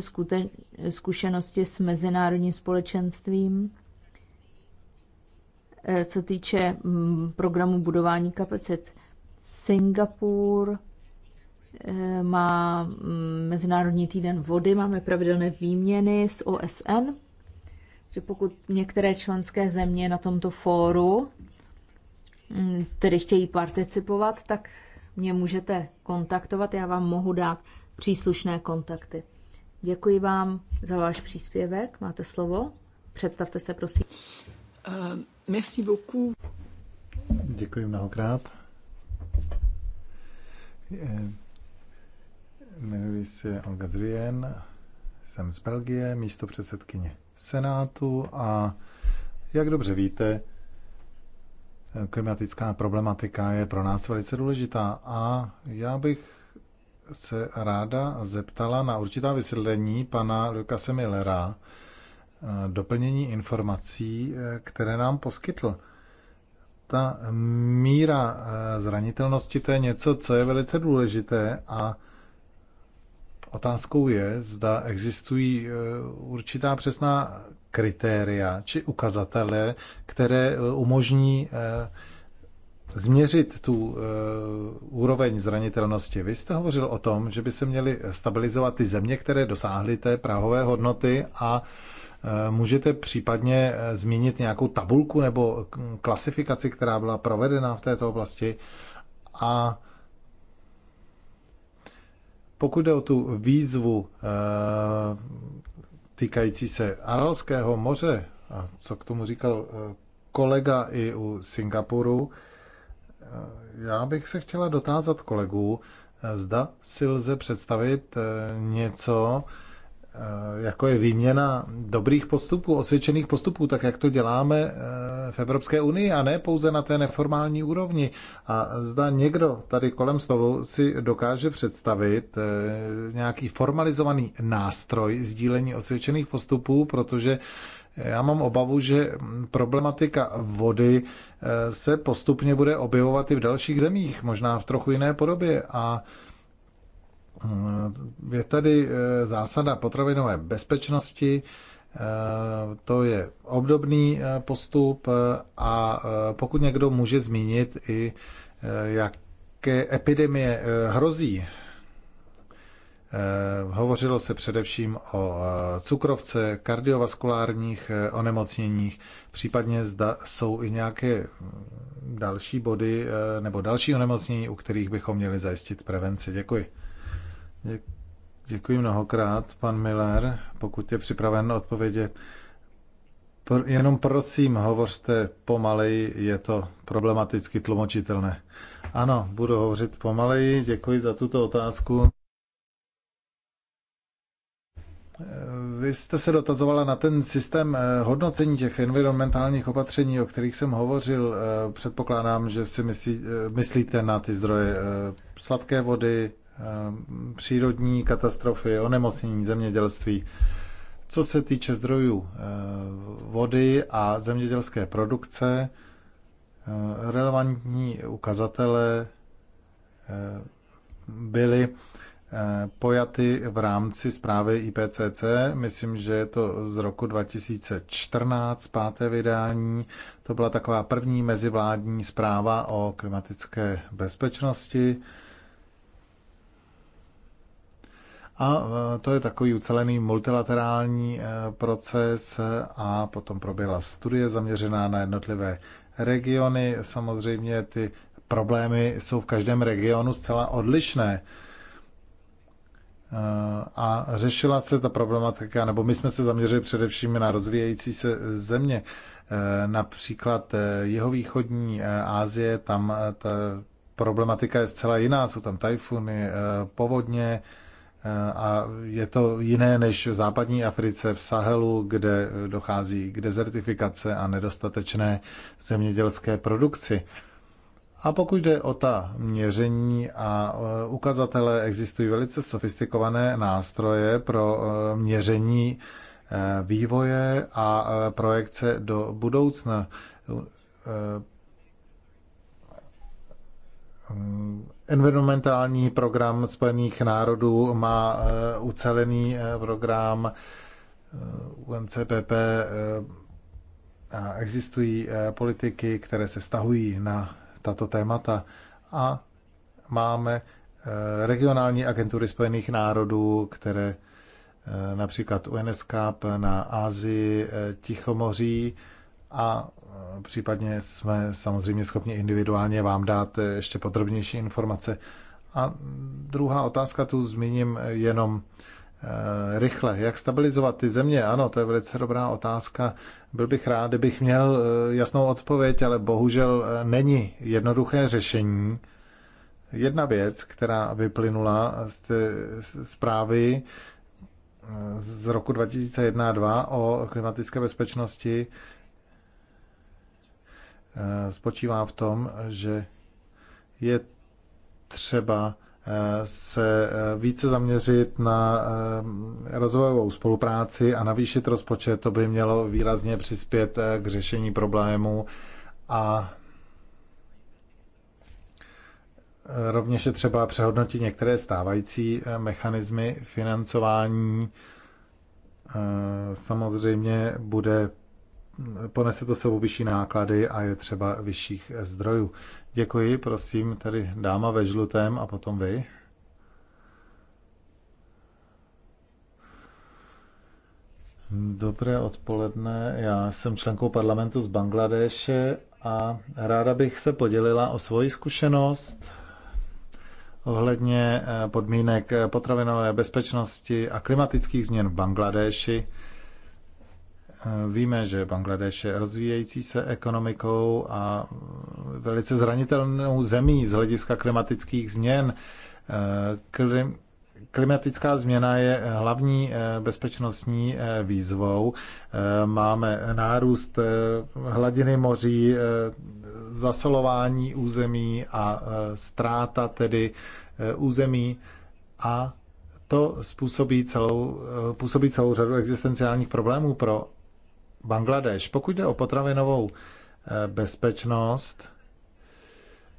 zkušenosti s mezinárodním společenstvím, eh, co týče mm, programu budování kapacit. Singapur Eh, má mm, Mezinárodní týden vody, máme pravidelné výměny s OSN, že pokud některé členské země na tomto fóru mm, tedy chtějí participovat, tak mě můžete kontaktovat, já vám mohu dát příslušné kontakty. Děkuji vám za váš příspěvek, máte slovo. Představte se, prosím. Uh, merci beaucoup. Děkuji mnohokrát. Eh, Jmenuji se Olga Zrien, jsem z Belgie, místo předsedkyně Senátu a jak dobře víte, klimatická problematika je pro nás velice důležitá a já bych se ráda zeptala na určitá vysvětlení pana Lukase Millera, doplnění informací, které nám poskytl. Ta míra eh, zranitelnosti to je něco, co je velice důležité a Otázkou je, zda existují e, určitá přesná kritéria či ukazatele, které e, umožní e, změřit tu úroveň zranitelnosti. Vy jste hovořil o tom, že by se měly stabilizovat ty země, které dosáhly té prahové hodnoty a Můžete případně zmínit nějakou tabulku nebo klasifikaci, která byla provedena v této oblasti? A pokud jde o tu výzvu eh, týkající se Aralského moře, a co k tomu říkal eh, kolega i u Singapuru, eh, já bych se chtěla dotázat kolegů, zda si lze představit něco, Eh, jako je výměna dobrých postupů, osvědčených postupů, tak jak to děláme eh, v Evropské unii a ne pouze na té neformální úrovni. A zda někdo tady kolem stolu si dokáže představit eh, nějaký formalizovaný nástroj sdílení osvědčených postupů, protože já mám obavu, že problematika vody se postupně bude objevovat i v dalších zemích, možná v trochu jiné podobě a Eh, je tady eh, zásada potravinové bezpečnosti, eh, to je obdobný postup a pokud někdo může zmínit i, jaké epidemie hrozí, hovořilo se především o cukrovce, kardiovaskulárních onemocněních, případně zda jsou i nějaké další body nebo další onemocnění, u kterých bychom měli zajistit prevenci. Děkuji. Děkuji mnohokrát, pan Miller, pokud je připraven odpovědět. Jenom prosím, hovořte pomaleji, je to problematicky tlumočitelné. Ano, budu hovořit pomaleji, děkuji za tuto otázku. Vy jste se dotazovala na ten systém eh, hodnocení těch environmentálních opatření, o kterých jsem hovořil. Eh, předpokládám, že si myslí, eh, myslíte na ty zdroje sladké vody, Ehm, přírodní katastrofy, onemocnění zemědělství. Co se týče zdrojů eh, vody a zemědělské produkce, eh, relevantní ukazatele eh, byly pojaty v rámci zprávy IPCC. Myslím, že je to z roku 2014, páté vydání. To byla taková první mezivládní zpráva o klimatické bezpečnosti. A e, to je takový ucelený multilaterální e, proces e, a potom proběhla studie zaměřená na jednotlivé regiony. Samozřejmě ty problémy jsou v každém regionu zcela odlišné. A řešila se ta problematika, nebo my jsme se zaměřili především na rozvíjející se země. Například jihovýchodní Asie, tam ta problematika je zcela jiná. Jsou tam tajfuny, povodně, a je to jiné než v západní Africe, v Sahelu, kde dochází k dezertifikace a nedostatečné zemědělské produkci. A pokud jde o ta měření a e, ukazatele, existují velice sofistikované nástroje pro e, měření e, vývoje a projekce do budoucna Environmentální program Spojených národů má eh, ucelený eh, program eh, UNCPP a existují politiky, které se vztahují na tato témata a máme regionální agentury Spojených národů, které například UNSCAP na Ázii, Tichomoří a Případně jsme samozřejmě schopni individuálně vám dát eh, ještě podrobnější informace. A druhá otázka tu zmíním jenom eh, rychle. Jak stabilizovat ty země? Ano, to je velice dobrá otázka. Byl bych rád, kdybych měl eh, jasnou odpověď, ale bohužel není jednoduché řešení. Jedna věc, která vyplynula z té zprávy z roku 2001-2 o klimatické bezpečnosti, Eh, spočívá v tom, že je třeba eh, se eh, více zaměřit na rozvojovou spolupráci a navýšit rozpočet, to by mělo výrazně přispět k řešení problémů a rovněž je třeba přehodnotit některé stávající mechanismy financování. Samozřejmě bude ponese to sebou vyšší náklady a je třeba vyšších zdrojů. Děkuji, prosím, tady dáma ve žlutém a potom vy. Dobré odpoledne, já jsem členkou parlamentu z Bangladeše a ráda bych se podělila o svoji zkušenost ohledně eh, podmínek potravinové bezpečnosti a klimatických změn v Bangladeši. Víme, že Bangladeš je rozvíjející se ekonomikou a velice zranitelnou zemí z hlediska klimatických změn. Klim, klimatická změna je hlavní eh, bezpečnostní eh, výzvou. Eh, máme nárůst hladiny moří, zasolování území a ztráta tedy území a to způsobí celou, působí celou řadu existenciálních problémů pro Bangladeš. Pokud jde o potravinovou eh, bezpečnost,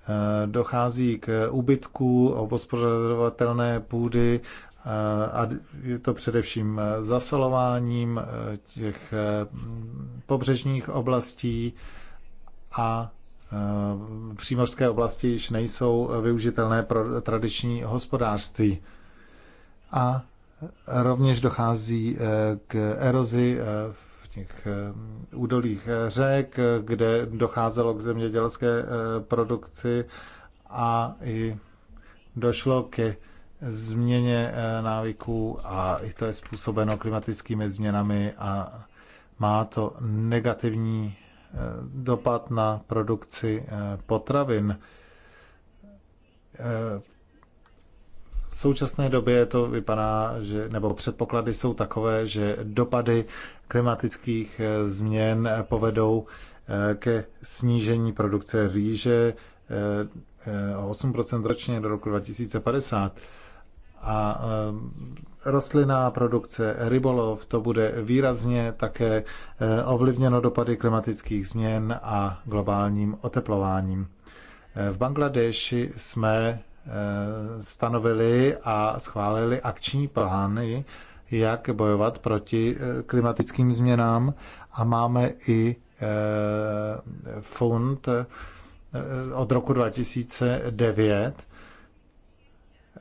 eh, dochází k ubytku obospořadovatelné půdy eh, a je to především zasolováním těch pobřežních oblastí a přímořské oblasti již nejsou využitelné pro tradiční hospodářství. A rovněž dochází k erozi v těch eh, údolích eh, řek, kde docházelo k zemědělské eh, produkci a i došlo ke změně návyků a i to je způsobeno klimatickými změnami a má to negativní dopad na produkci potravin. V současné době to vypadá, že, nebo předpoklady jsou takové, že dopady klimatických eh, změn eh, povedou eh, ke snížení produkce rýže o 8% ročně do roku 2050. A rostlinná produkce, rybolov, to bude výrazně také ovlivněno dopady klimatických změn a globálním oteplováním. V Bangladeši jsme Eh, stanovili a schválili akční plány, jak bojovat proti eh, klimatickým změnám a máme i eh, fond od roku 2009.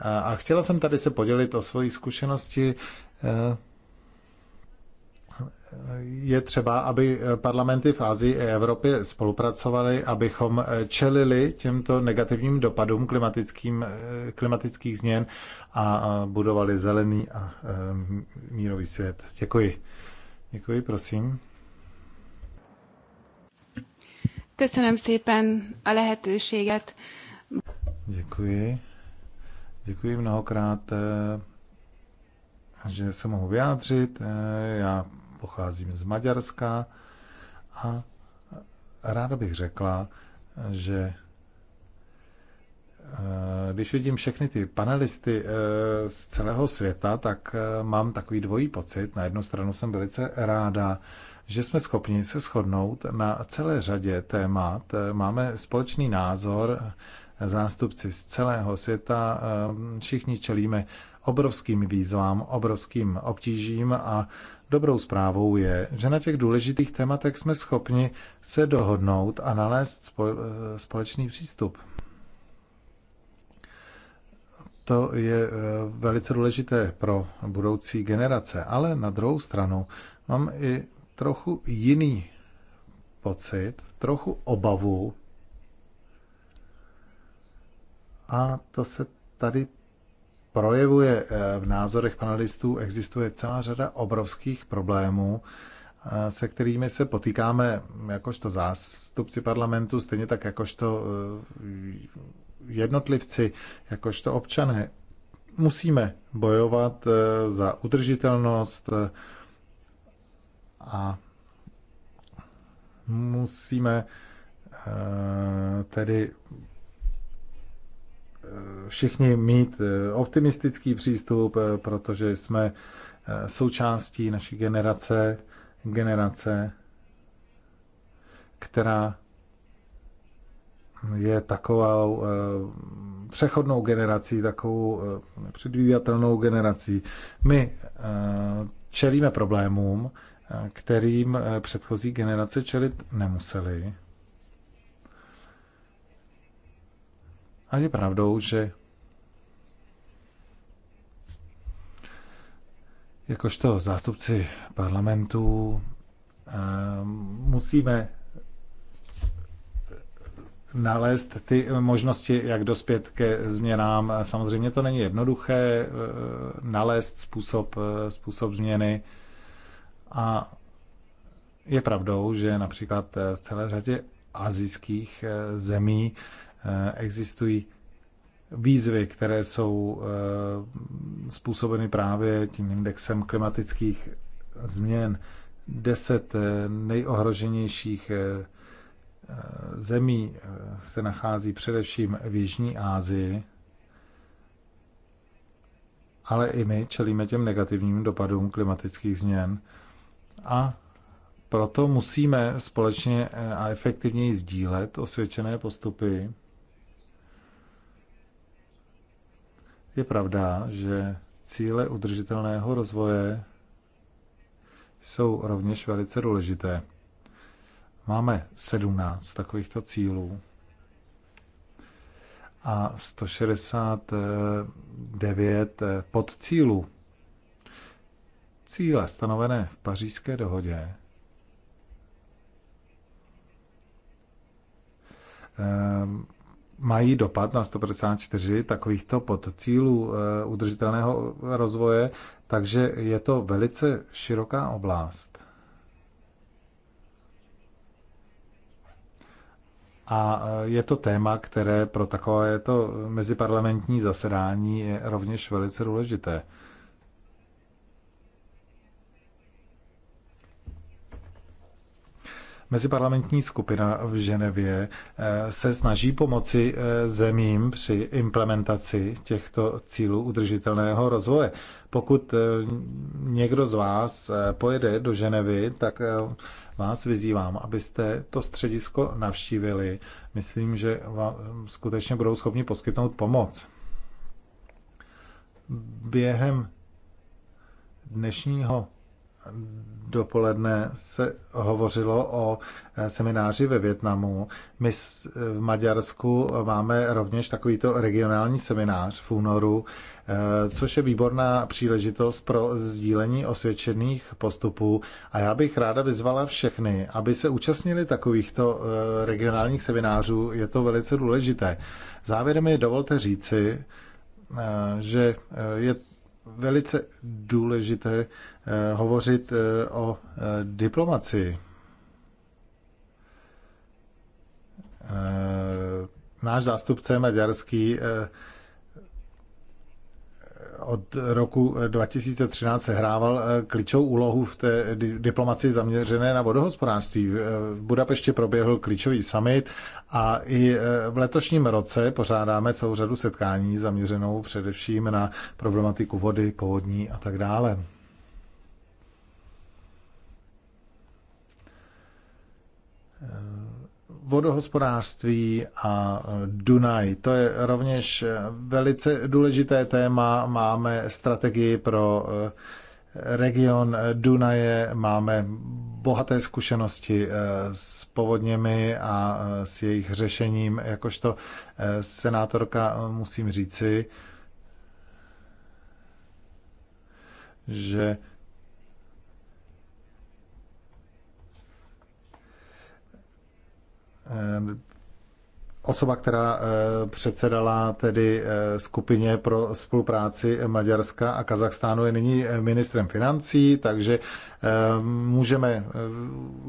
A chtěla jsem tady se podělit o svoji zkušenosti je třeba, aby parlamenty v Ázii a Evropě spolupracovaly, abychom čelili těmto negativním dopadům klimatickým, klimatických změn a budovali zelený a e, mírový svět. Děkuji. Děkuji, prosím. Köszönöm szépen a lehetőséget. Děkuji. Děkuji mnohokrát, e, že se mohu vyjádřit. E, já pocházím z Maďarska a ráda bych řekla, že eh, když vidím všechny ty panelisty eh, z celého světa, tak eh, mám takový dvojí pocit. Na jednu stranu jsem velice ráda, že jsme schopni se shodnout na celé řadě témat. Máme společný názor, zástupci z celého světa, všichni čelíme obrovským výzvám, obrovským obtížím a Dobrou zprávou je, že na těch důležitých tématech jsme schopni se dohodnout a nalézt společný přístup. To je eh, velice důležité pro budoucí generace, ale na druhou stranu mám i trochu jiný pocit, trochu obavu, a to se tady projevuje eh, v názorech panelistů, existuje celá řada obrovských problémů, eh, se kterými se potýkáme jakožto zástupci parlamentu, stejně tak jakožto eh, jednotlivci, jakožto občané. Musíme bojovat za udržitelnost a musíme tedy všichni mít eh, optimistický přístup, eh, protože jsme eh, součástí naší generace, generace, která je takovou přechodnou generací, takovou předvídatelnou generací. My čelíme problémům, kterým předchozí generace čelit nemuseli. A je pravdou, že jakožto zástupci parlamentu eh, musíme nalézt ty možnosti, jak dospět ke změnám. Samozřejmě to není jednoduché eh, nalézt způsob, eh, způsob změny a je pravdou, že například v celé řadě azijských zemí Eh, existují výzvy, které jsou eh, způsobeny právě tím indexem klimatických změn. Deset eh, nejohroženějších zemí se nachází především v Jižní Asii, ale i my čelíme těm negativním dopadům klimatických změn a proto musíme společně a efektivněji sdílet osvědčené postupy Je pravda, že cíle udržitelného rozvoje jsou rovněž velice důležité. Máme 17 takovýchto cílů a 169 podcílů. Cíle stanovené v pařížské dohodě mají dopad na 154 takovýchto podcílů eh, udržitelného rozvoje, takže je to velice široká oblast. A eh, je to téma, které pro takovéto meziparlamentní zasedání je rovněž velice důležité. Meziparlamentní skupina v Ženevě eh, se snaží pomoci eh, zemím při implementaci těchto cílů udržitelného rozvoje. Pokud eh, někdo z vás pojede do Ženevy, tak vás vyzývám, abyste to středisko navštívili. Myslím, že vám skutečně budou schopni poskytnout pomoc. Během dnešního dopoledne se hovořilo o eh, semináři ve Větnamu. My eh, v Maďarsku máme rovněž takovýto regionální seminář v únoru, eh, což je výborná příležitost pro sdílení osvědčených postupů. A já bych ráda vyzvala všechny, aby se účastnili takovýchto regionálních seminářů. Je to velice důležité. Závěrem mi dovolte říci, že je velice důležité eh, hovořit eh, o eh, diplomacii. Náš zástupce maďarský od roku 2013 eh, sehrával eh, klíčovou úlohu v té diplomaci zaměřené na vodohospodářství. Eh, v Budapešti proběhl klíčový summit a i v letošním roce pořádáme celou řadu setkání zaměřenou především na problematiku vody, povodní a tak dále. Um vodohospodářství a e, Dunaj. To je rovněž e, velice důležité téma. Máme strategii pro e, region Dunaje, máme bohaté zkušenosti s povodněmi a s jejich řešením. Jakožto senátorka musím říci, že Eh, osoba, která eh, předsedala tedy eh, skupině pro spolupráci Maďarska a Kazachstánu, je nyní ministrem financí, takže můžeme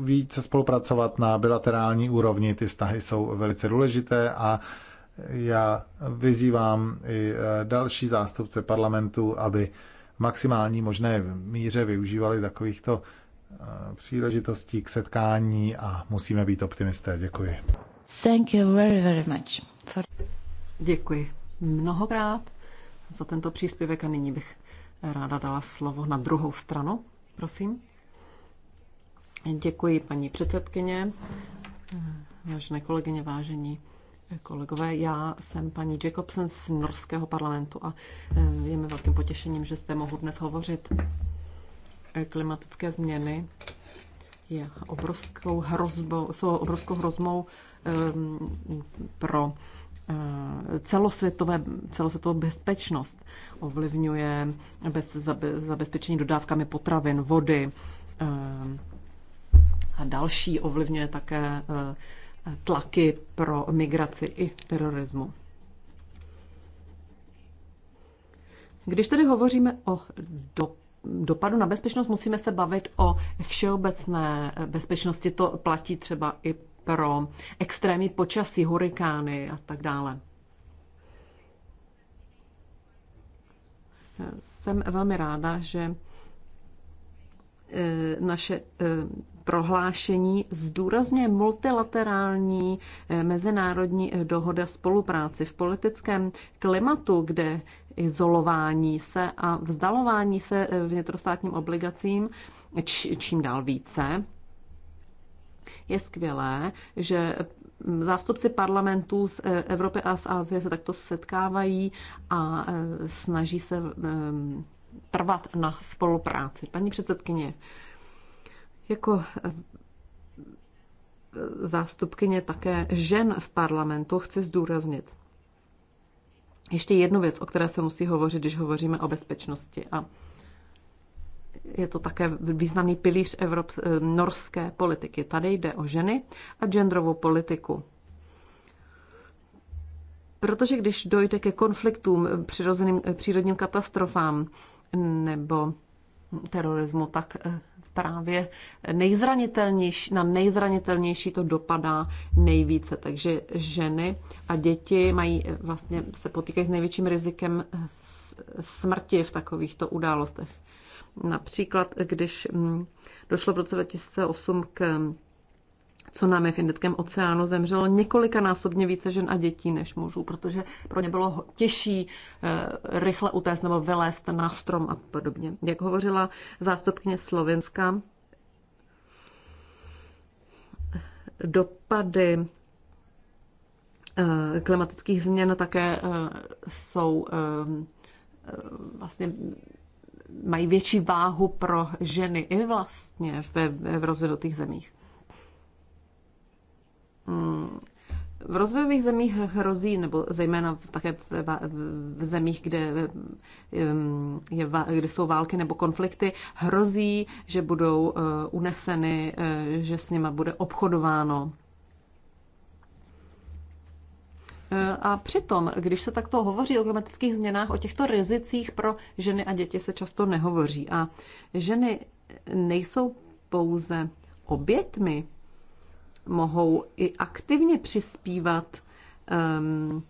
více spolupracovat na bilaterální úrovni. Ty vztahy jsou velice důležité a já vyzývám i další zástupce parlamentu, aby maximální možné míře využívali takovýchto Eh, příležitostí k setkání a musíme být optimisté. Děkuji. Thank you very, very much. For... Děkuji mnohokrát za tento příspěvek a nyní bych ráda dala slovo na druhou stranu. Prosím. Děkuji, paní předsedkyně, vážené kolegyně, vážení kolegové. Já jsem paní Jacobsen z Norského parlamentu a eh, je mi velkým potěšením, že jste mohu dnes hovořit klimatické změny je obrovskou hrozbou, jsou obrovskou hrozbou ehm, pro eh, celosvětové, celosvětovou bezpečnost. Ovlivňuje bez, zabezpečení dodávkami potravin, vody ehm, a další. Ovlivňuje také eh, tlaky pro migraci i terorismu. Když tedy hovoříme o dopadu, dopadu na bezpečnost musíme se bavit o všeobecné bezpečnosti. To platí třeba i pro extrémní počasí, hurikány a tak dále. Jsem velmi ráda, že e, naše e, prohlášení zdůrazně multilaterální e, mezinárodní dohoda spolupráci v politickém klimatu, kde izolování se a vzdalování se eh, vnitrostátním obligacím čím dál více. Je skvělé, že hm, zástupci parlamentů z eh, Evropy a z Asie se takto setkávají a eh, snaží se hm, trvat na spolupráci. Paní předsedkyně, jako hm, zástupkyně také žen v parlamentu chci zdůraznit, ještě jednu věc, o které se musí hovořit, když hovoříme o bezpečnosti. A je to také významný pilíř Evrop, eh, norské politiky. Tady jde o ženy a genderovou politiku. Protože když dojde ke konfliktům, eh, přirozeným, eh, přírodním katastrofám nebo terorismu, tak právě nejzranitelnější, na nejzranitelnější to dopadá nejvíce. Takže ženy a děti mají eh, vlastně se potýkají s největším rizikem smrti v takovýchto událostech. Například, když mm, došlo v roce 2008 k tsunami v Indickém oceánu zemřelo násobně více žen a dětí než mužů, protože pro ně bylo těžší eh, rychle utéct nebo vylézt na strom a podobně. Jak hovořila zástupkyně Slovenska, dopady eh, klimatických změn také eh, jsou vlastně mají větší váhu pro ženy i vlastně v, v rozvinutých zemích. V rozvojových zemích hrozí, nebo zejména také v zemích, kde, je, kde jsou války nebo konflikty, hrozí, že budou eh, uneseny, eh, že s nimi bude obchodováno. Eh, a přitom, když se takto hovoří o klimatických změnách, o těchto rizicích pro ženy a děti se často nehovoří. A ženy nejsou pouze obětmi mohou i aktivně přispívat ehm,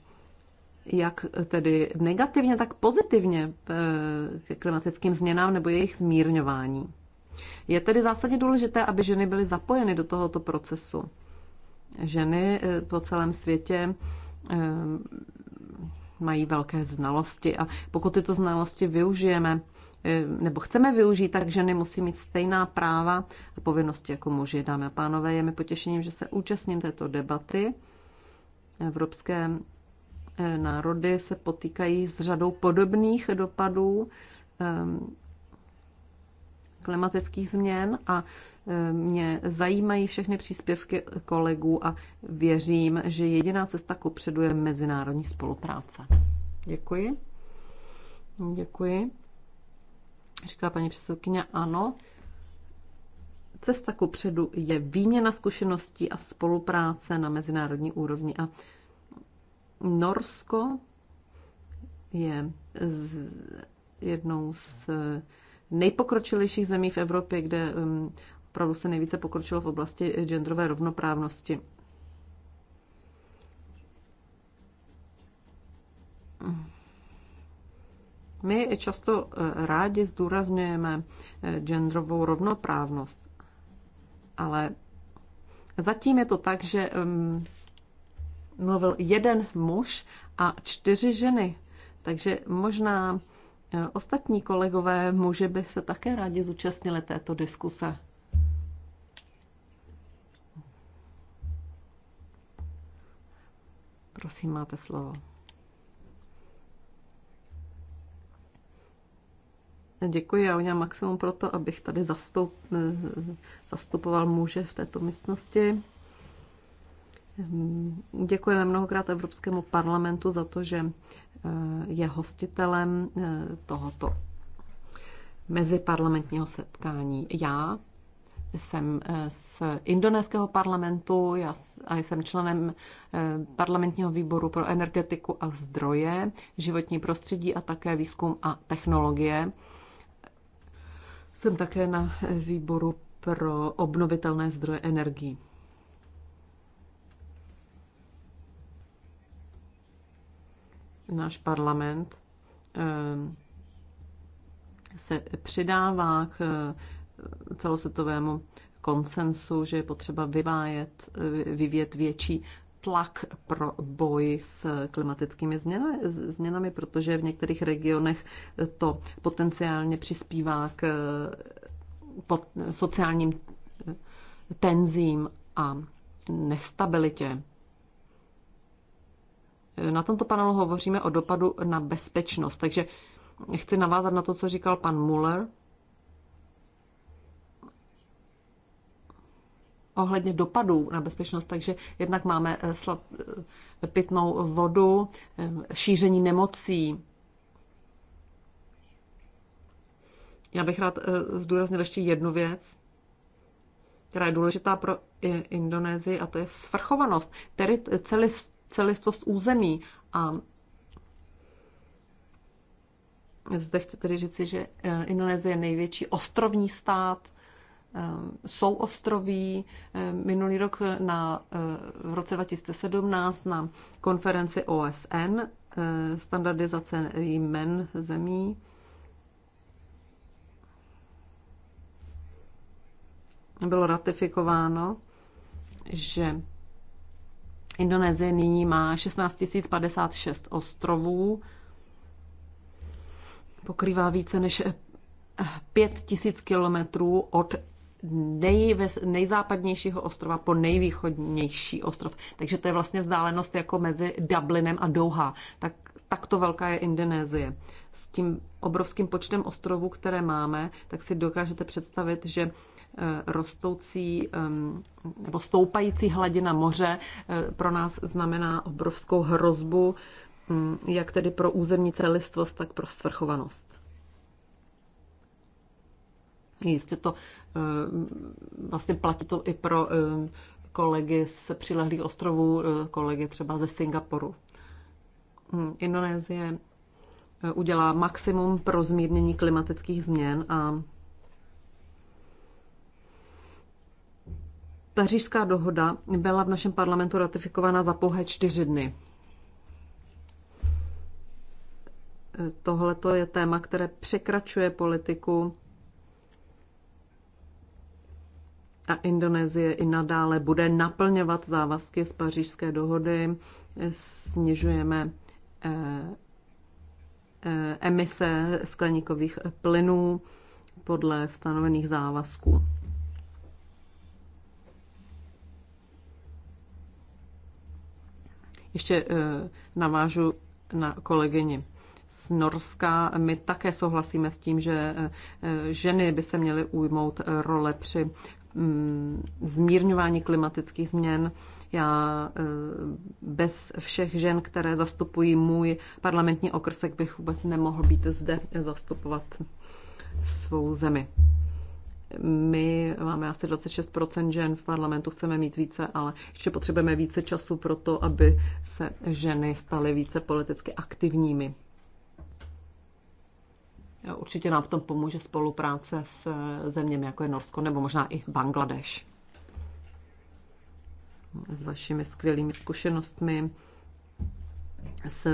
jak tedy negativně, tak pozitivně eh, k klimatickým změnám nebo jejich zmírňování. Je tedy zásadně důležité, aby ženy byly zapojeny do tohoto procesu. Ženy eh, po celém světě ehm, mají velké znalosti a pokud tyto znalosti využijeme Eh, nebo chceme využít, tak ženy musí mít stejná práva a povinnosti jako muži. Dámy a pánové, je mi potěšením, že se účastním této debaty. Evropské eh, národy se potýkají s řadou podobných dopadů eh, klimatických změn a mě zajímají všechny příspěvky kolegů a věřím, že jediná cesta kupředu je mezinárodní spolupráce. Děkuji. Děkuji. Říká paní předsedkyně, ano. Cesta ku předu je výměna zkušeností a spolupráce na mezinárodní úrovni. A Norsko je z, jednou z nejpokročilejších zemí v Evropě, kde um, opravdu se nejvíce pokročilo v oblasti genderové rovnoprávnosti. My často eh, rádi zdůrazňujeme eh, genderovou rovnoprávnost, ale zatím je to tak, že mluvil jeden muž a čtyři ženy. Takže možná eh, ostatní kolegové muže by se také rádi zúčastnili této diskuse. Prosím, máte slovo. Děkuji, já udělám maximum pro to, abych tady zastup, eh, zastupoval muže v této místnosti. Hm, děkujeme mnohokrát Evropskému parlamentu za to, že eh, je hostitelem eh, tohoto meziparlamentního setkání. Já jsem z indonéského parlamentu já, a jsem členem parlamentního výboru pro energetiku a zdroje, životní prostředí a také výzkum a technologie. Jsem také na výboru pro obnovitelné zdroje energií. Náš parlament eh, se přidává k eh, celosvětovému konsensu, že je potřeba vyvájet, eh, vyvět větší tlak pro boj s klimatickými změnami, protože v některých regionech to potenciálně přispívá k sociálním eh, tenzím a nestabilitě. Na tomto panelu hovoříme o dopadu na bezpečnost, takže chci navázat na to, co říkal pan Muller – ohledně dopadů na bezpečnost, takže jednak máme eh, slad, eh, pitnou vodu, eh, šíření nemocí. Já bych rád zdůraznil ještě jednu věc, která je důležitá pro Indonésii, a to je svrchovanost, tedy celist, celistvost území. A zde chci tedy říci, že Indonésie je největší ostrovní stát, Ehm, souostroví. Ehm, minulý rok na, eh, v roce 2017 na konferenci OSN eh, standardizace jmen zemí bylo ratifikováno, že Indonésie nyní má 16 056 ostrovů, pokrývá více než 5 eh, 000 kilometrů od nej, nejzápadnějšího ostrova po nejvýchodnější ostrov. Takže to je vlastně vzdálenost jako mezi Dublinem a Doha. Tak, takto velká je Indonésie. S tím obrovským počtem ostrovů, které máme, tak si dokážete představit, že eh, rostoucí ehm, nebo stoupající hladina moře eh, pro nás znamená obrovskou hrozbu, hm, jak tedy pro územní celistvost, tak pro svrchovanost. Jistě to eh, vlastně platí to i pro eh, kolegy z přilehlých ostrovů, eh, kolegy třeba ze Singapuru. Hm, Indonésie udělá maximum pro zmírnění klimatických změn a Pařížská dohoda byla v našem parlamentu ratifikována za pouhé čtyři dny. Tohle je téma, které překračuje politiku a Indonésie i nadále bude naplňovat závazky z pařížské dohody. Snižujeme eh, eh, emise skleníkových plynů podle stanovených závazků. Ještě eh, navážu na kolegyni z Norska. My také souhlasíme s tím, že ženy by se měly ujmout role při Mm, zmírňování klimatických změn. Já eh, bez všech žen, které zastupují můj parlamentní okrsek, bych vůbec nemohl být zde zastupovat svou zemi. My máme asi 26% žen v parlamentu, chceme mít více, ale ještě potřebujeme více času pro to, aby se ženy staly více politicky aktivními. Určitě nám v tom pomůže spolupráce s zeměmi, jako je Norsko nebo možná i Bangladeš. S vašimi skvělými zkušenostmi s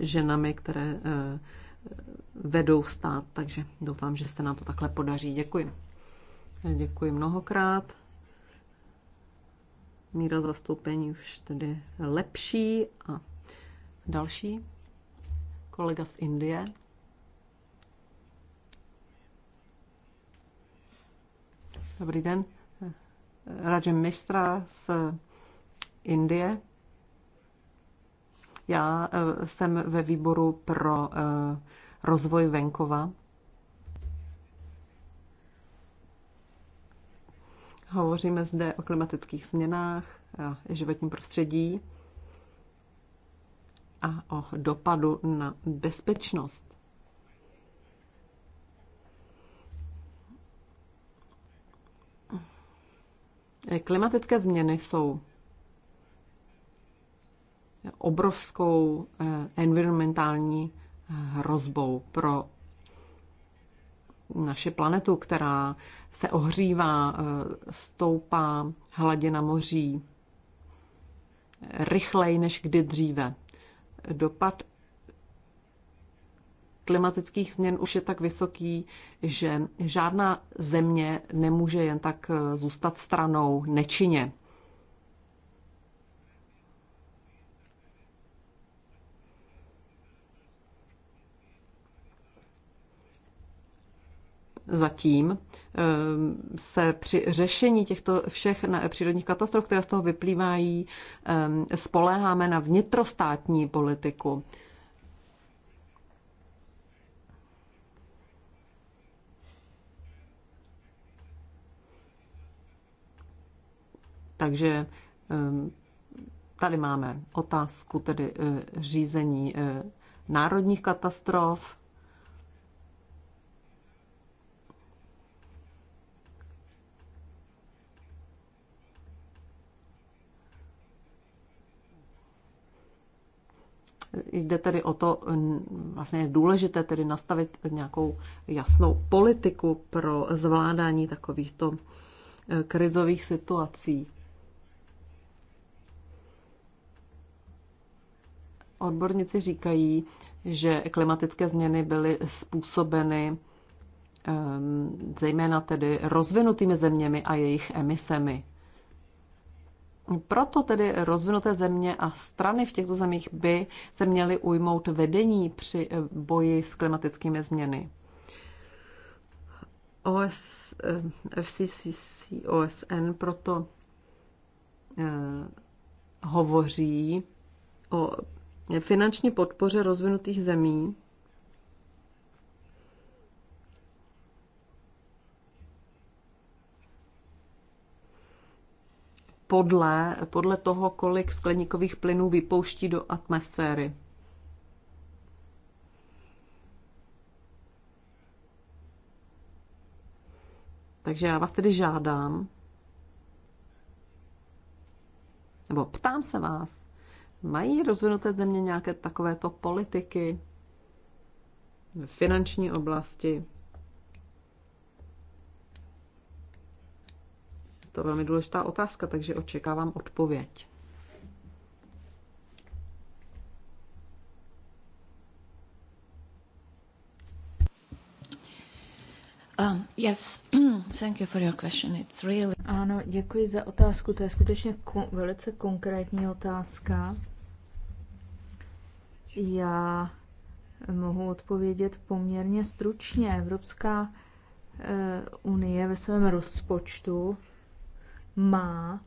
ženami, které eh, vedou stát, takže doufám, že se nám to takhle podaří. Děkuji. Děkuji mnohokrát. Míra zastoupení už tedy lepší a další kolega z Indie. Dobrý den. Rajem Mistra z Indie. Já eh, jsem ve výboru pro eh, rozvoj venkova. Hovoříme zde o klimatických změnách, životním prostředí a o dopadu na bezpečnost. Klimatické změny jsou obrovskou eh, environmentální eh, hrozbou pro naši planetu, která se ohřívá, eh, stoupá hladina moří rychleji než kdy dříve. Dopad klimatických změn už je tak vysoký, že žádná země nemůže jen tak eh, zůstat stranou nečině. zatím eh, se při řešení těchto všech přírodních katastrof, které z toho vyplývají, eh, spoléháme na vnitrostátní politiku. Takže ehm, tady máme otázku tedy eh, řízení eh, národních katastrof. Jde tedy o to, vlastně je důležité tedy nastavit nějakou jasnou politiku pro zvládání takovýchto eh, krizových situací. Odborníci říkají, že klimatické změny byly způsobeny ehm, zejména tedy rozvinutými zeměmi a jejich emisemi. Proto tedy rozvinuté země a strany v těchto zemích by se měly ujmout vedení při eh, boji s klimatickými změny. OS, eh, FCCC, OSN proto eh, hovoří o finanční podpoře rozvinutých zemí. Podle, podle toho, kolik skleníkových plynů vypouští do atmosféry. Takže já vás tedy žádám, nebo ptám se vás, Mají rozvinuté země nějaké takovéto politiky v finanční oblasti? To velmi důležitá otázka, takže očekávám odpověď. Um, yes, thank you for your question. It's really... Ano, děkuji za otázku. To je skutečně velice konkrétní otázka. Já mohu odpovědět poměrně stručně. Evropská eh, unie ve svém rozpočtu má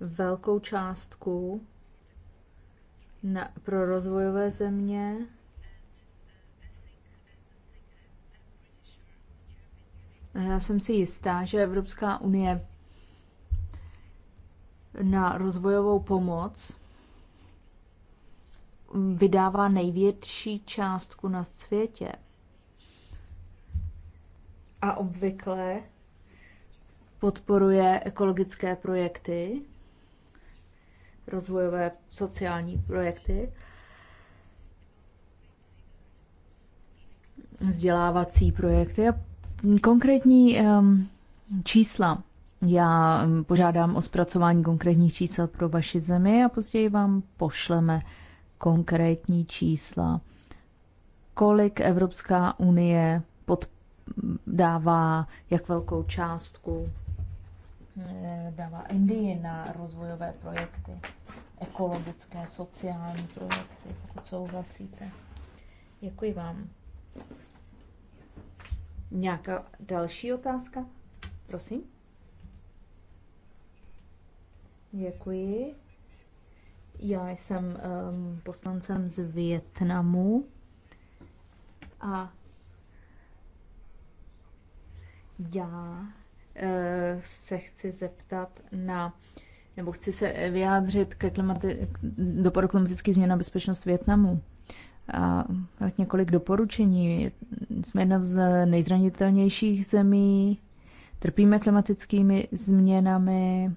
velkou částku na, pro rozvojové země. A já jsem si jistá, že Evropská unie na rozvojovou pomoc vydává největší částku na světě. A obvykle podporuje ekologické projekty, rozvojové sociální projekty, vzdělávací projekty a konkrétní um, čísla. Já požádám o zpracování konkrétních čísel pro vaši zemi a později vám pošleme konkrétní čísla, kolik Evropská unie pod, dává, jak velkou částku eh, dává Indii na rozvojové projekty, ekologické, sociální projekty, pokud souhlasíte. Děkuji vám. Nějaká další otázka? Prosím. Děkuji. Já jsem um, poslancem z Větnamu a já uh, se chci zeptat na, nebo chci se vyjádřit ke klimati- dopadu klimatických změn na bezpečnost Větnamu. A několik doporučení. Jsme jedna z nejzranitelnějších zemí, trpíme klimatickými změnami,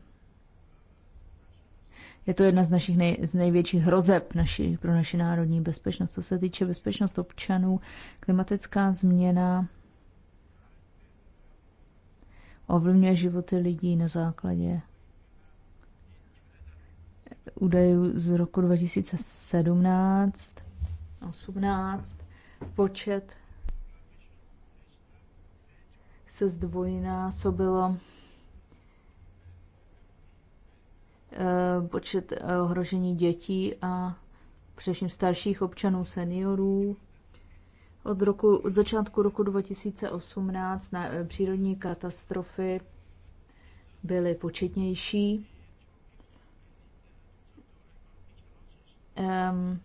je to jedna z našich nej, z největších hrozeb naši, pro naši národní bezpečnost. Co se týče bezpečnost občanů, klimatická změna ovlivňuje životy lidí na základě údajů z roku 2017, 18, počet se zdvojnásobilo Eh, počet eh, ohrožení dětí a především starších občanů, seniorů. Od, roku, od začátku roku 2018 na eh, přírodní katastrofy byly početnější. Um,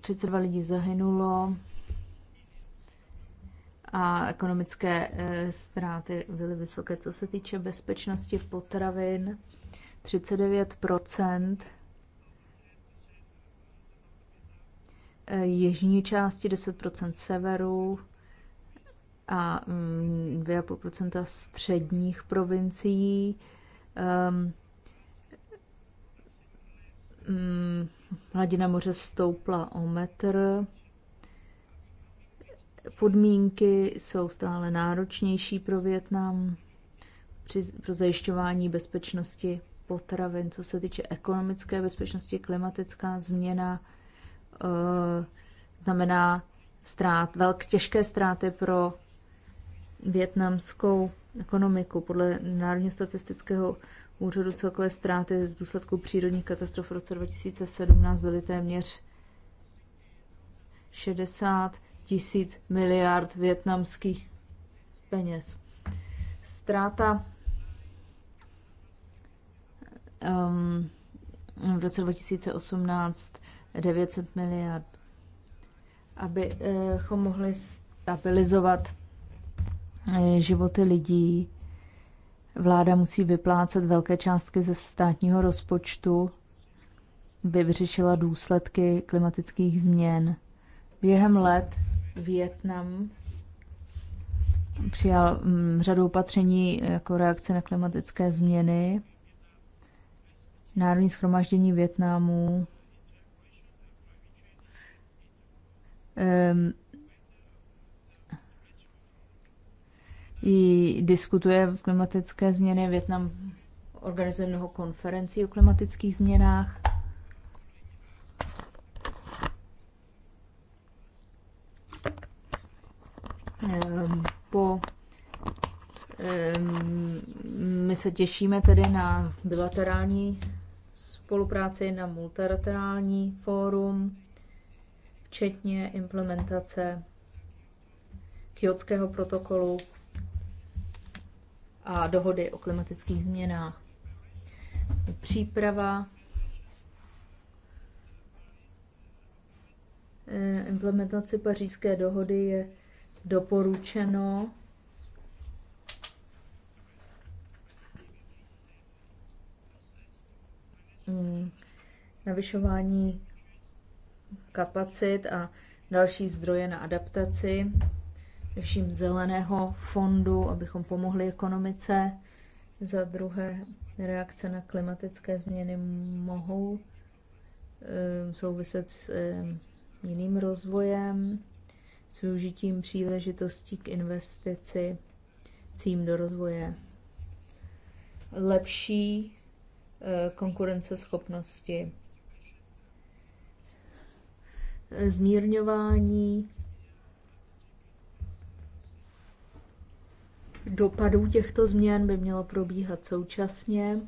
32 lidí zahynulo a ekonomické ztráty byly vysoké. Co se týče bezpečnosti potravin, 39 jižní části, 10 severu a 2,5 mm, středních provincií. Ehm, mm, hladina moře stoupla o metr. Podmínky jsou stále náročnější pro Větnam při, pro zajišťování bezpečnosti potravin, co se týče ekonomické bezpečnosti, klimatická změna eh, znamená strát, velk, těžké ztráty pro větnamskou ekonomiku. Podle Národního statistického úřadu celkové ztráty z důsledku přírodních katastrof v roce 2017 byly téměř 60 tisíc miliard větnamských peněz. Ztráta um, v roce 2018 900 miliard, abychom mohli stabilizovat eh, životy lidí. Vláda musí vyplácet velké částky ze státního rozpočtu, by vyřešila důsledky klimatických změn. Během let Větnam přijal mm, řadu opatření jako reakce na klimatické změny. Národní schromaždění Větnamu um, i diskutuje klimatické změny. Větnam organizuje mnoho konferencí o klimatických změnách. Po my se těšíme tedy na bilaterální spolupráci na multilaterální fórum, včetně implementace Kyotského protokolu a dohody o klimatických změnách. Příprava eh, implementaci pařížské dohody je doporučeno navyšování kapacit a další zdroje na adaptaci, vším zeleného fondu, abychom pomohli ekonomice. Za druhé, reakce na klimatické změny mohou eh, souviset s eh, jiným rozvojem, s využitím příležitostí k investici cím do rozvoje lepší eh, konkurenceschopnosti zmírňování dopadů těchto změn by mělo probíhat současně.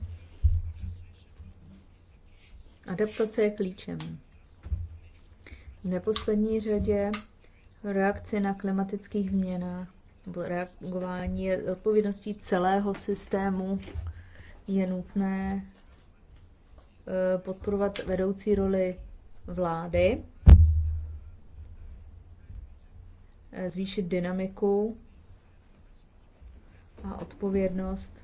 Adaptace je klíčem. V neposlední řadě reakce na klimatických změnách nebo reagování je odpovědností celého systému. Je nutné eh, podporovat vedoucí roli vlády Eh, zvýšit dynamiku a odpovědnost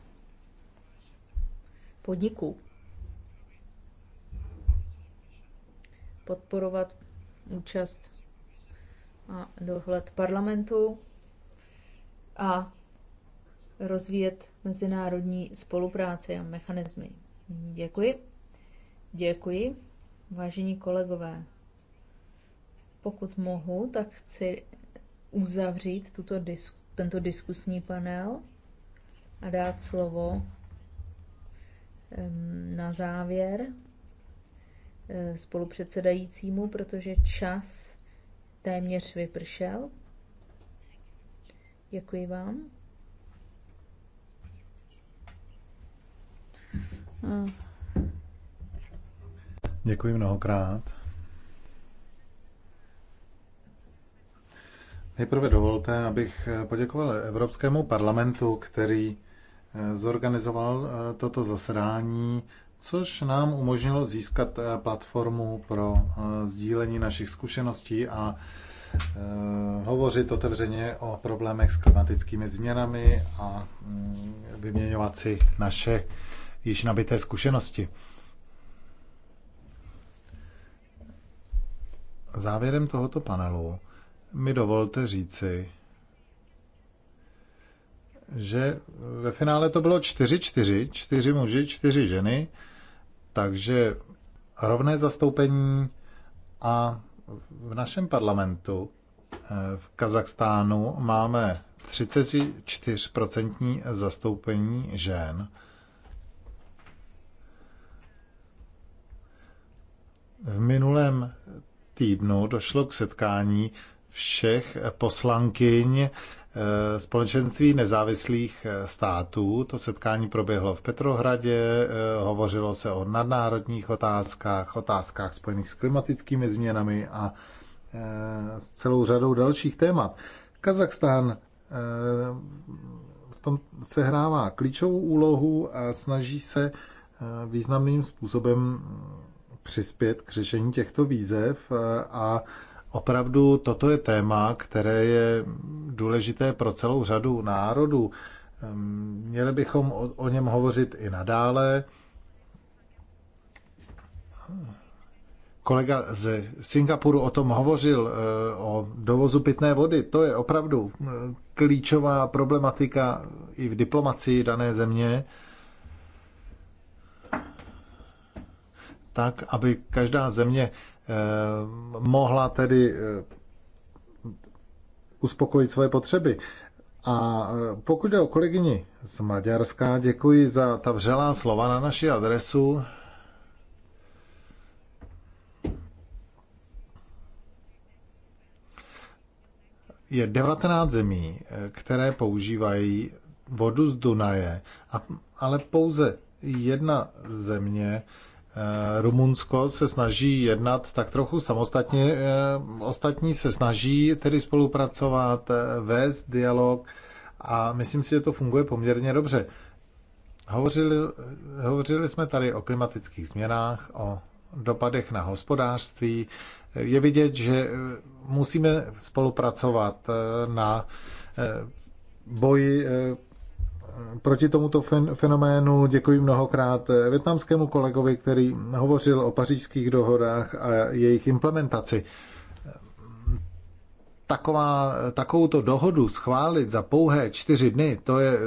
podniků. Podporovat účast a dohled parlamentu a rozvíjet mezinárodní spolupráci a mechanismy. Děkuji. Děkuji. Vážení kolegové, pokud mohu, tak chci uzavřít tuto disku, tento diskusní panel a dát slovo na závěr eh, spolupředsedajícímu, protože čas téměř vypršel. Děkuji vám. Děkuji mnohokrát. Nejprve dovolte, abych eh, poděkoval Evropskému parlamentu, který eh, zorganizoval eh, toto zasedání, což nám umožnilo získat platformu pro sdílení našich zkušeností a hovořit otevřeně o problémech s klimatickými změnami a mm, vyměňovat si naše již nabité zkušenosti. Závěrem tohoto panelu mi dovolte říci, že ve finále to bylo 4-4, 4 muži, 4 ženy, takže rovné zastoupení a v našem parlamentu eh, v Kazachstánu máme 34% zastoupení žen. V minulém týdnu došlo k setkání všech poslankyň eh, společenství nezávislých eh, států. To setkání proběhlo v Petrohradě, eh, hovořilo se o nadnárodních otázkách, otázkách spojených s klimatickými změnami a s celou řadou dalších témat. Kazachstán v tom sehrává klíčovou úlohu a snaží se významným způsobem mm, přispět k řešení těchto výzev a Opravdu toto je téma, které je důležité pro celou řadu národů. Ehm, měli bychom o, o něm hovořit i nadále. Kolega ze Singapuru o tom hovořil, eh, o dovozu pitné vody. To je opravdu eh, klíčová problematika i v diplomacii dané země. Tak, aby každá země Eh, mohla tedy eh, uspokojit svoje potřeby. A eh, pokud jde o kolegyni z Maďarska, děkuji za ta vřelá slova na naši adresu. Je 19 zemí, které používají vodu z Dunaje, ale pouze jedna země Eh, Rumunsko se snaží jednat tak trochu samostatně, eh, ostatní se snaží tedy spolupracovat, eh, vést dialog a myslím si, že to funguje poměrně dobře. Hovořili, hovořili jsme tady o klimatických změnách, o dopadech na hospodářství. Je vidět, že musíme spolupracovat na boji proti tomuto fenoménu. Děkuji mnohokrát větnamskému kolegovi, který hovořil o pařížských dohodách a jejich implementaci. Taková, takovouto dohodu schválit za pouhé čtyři dny, to je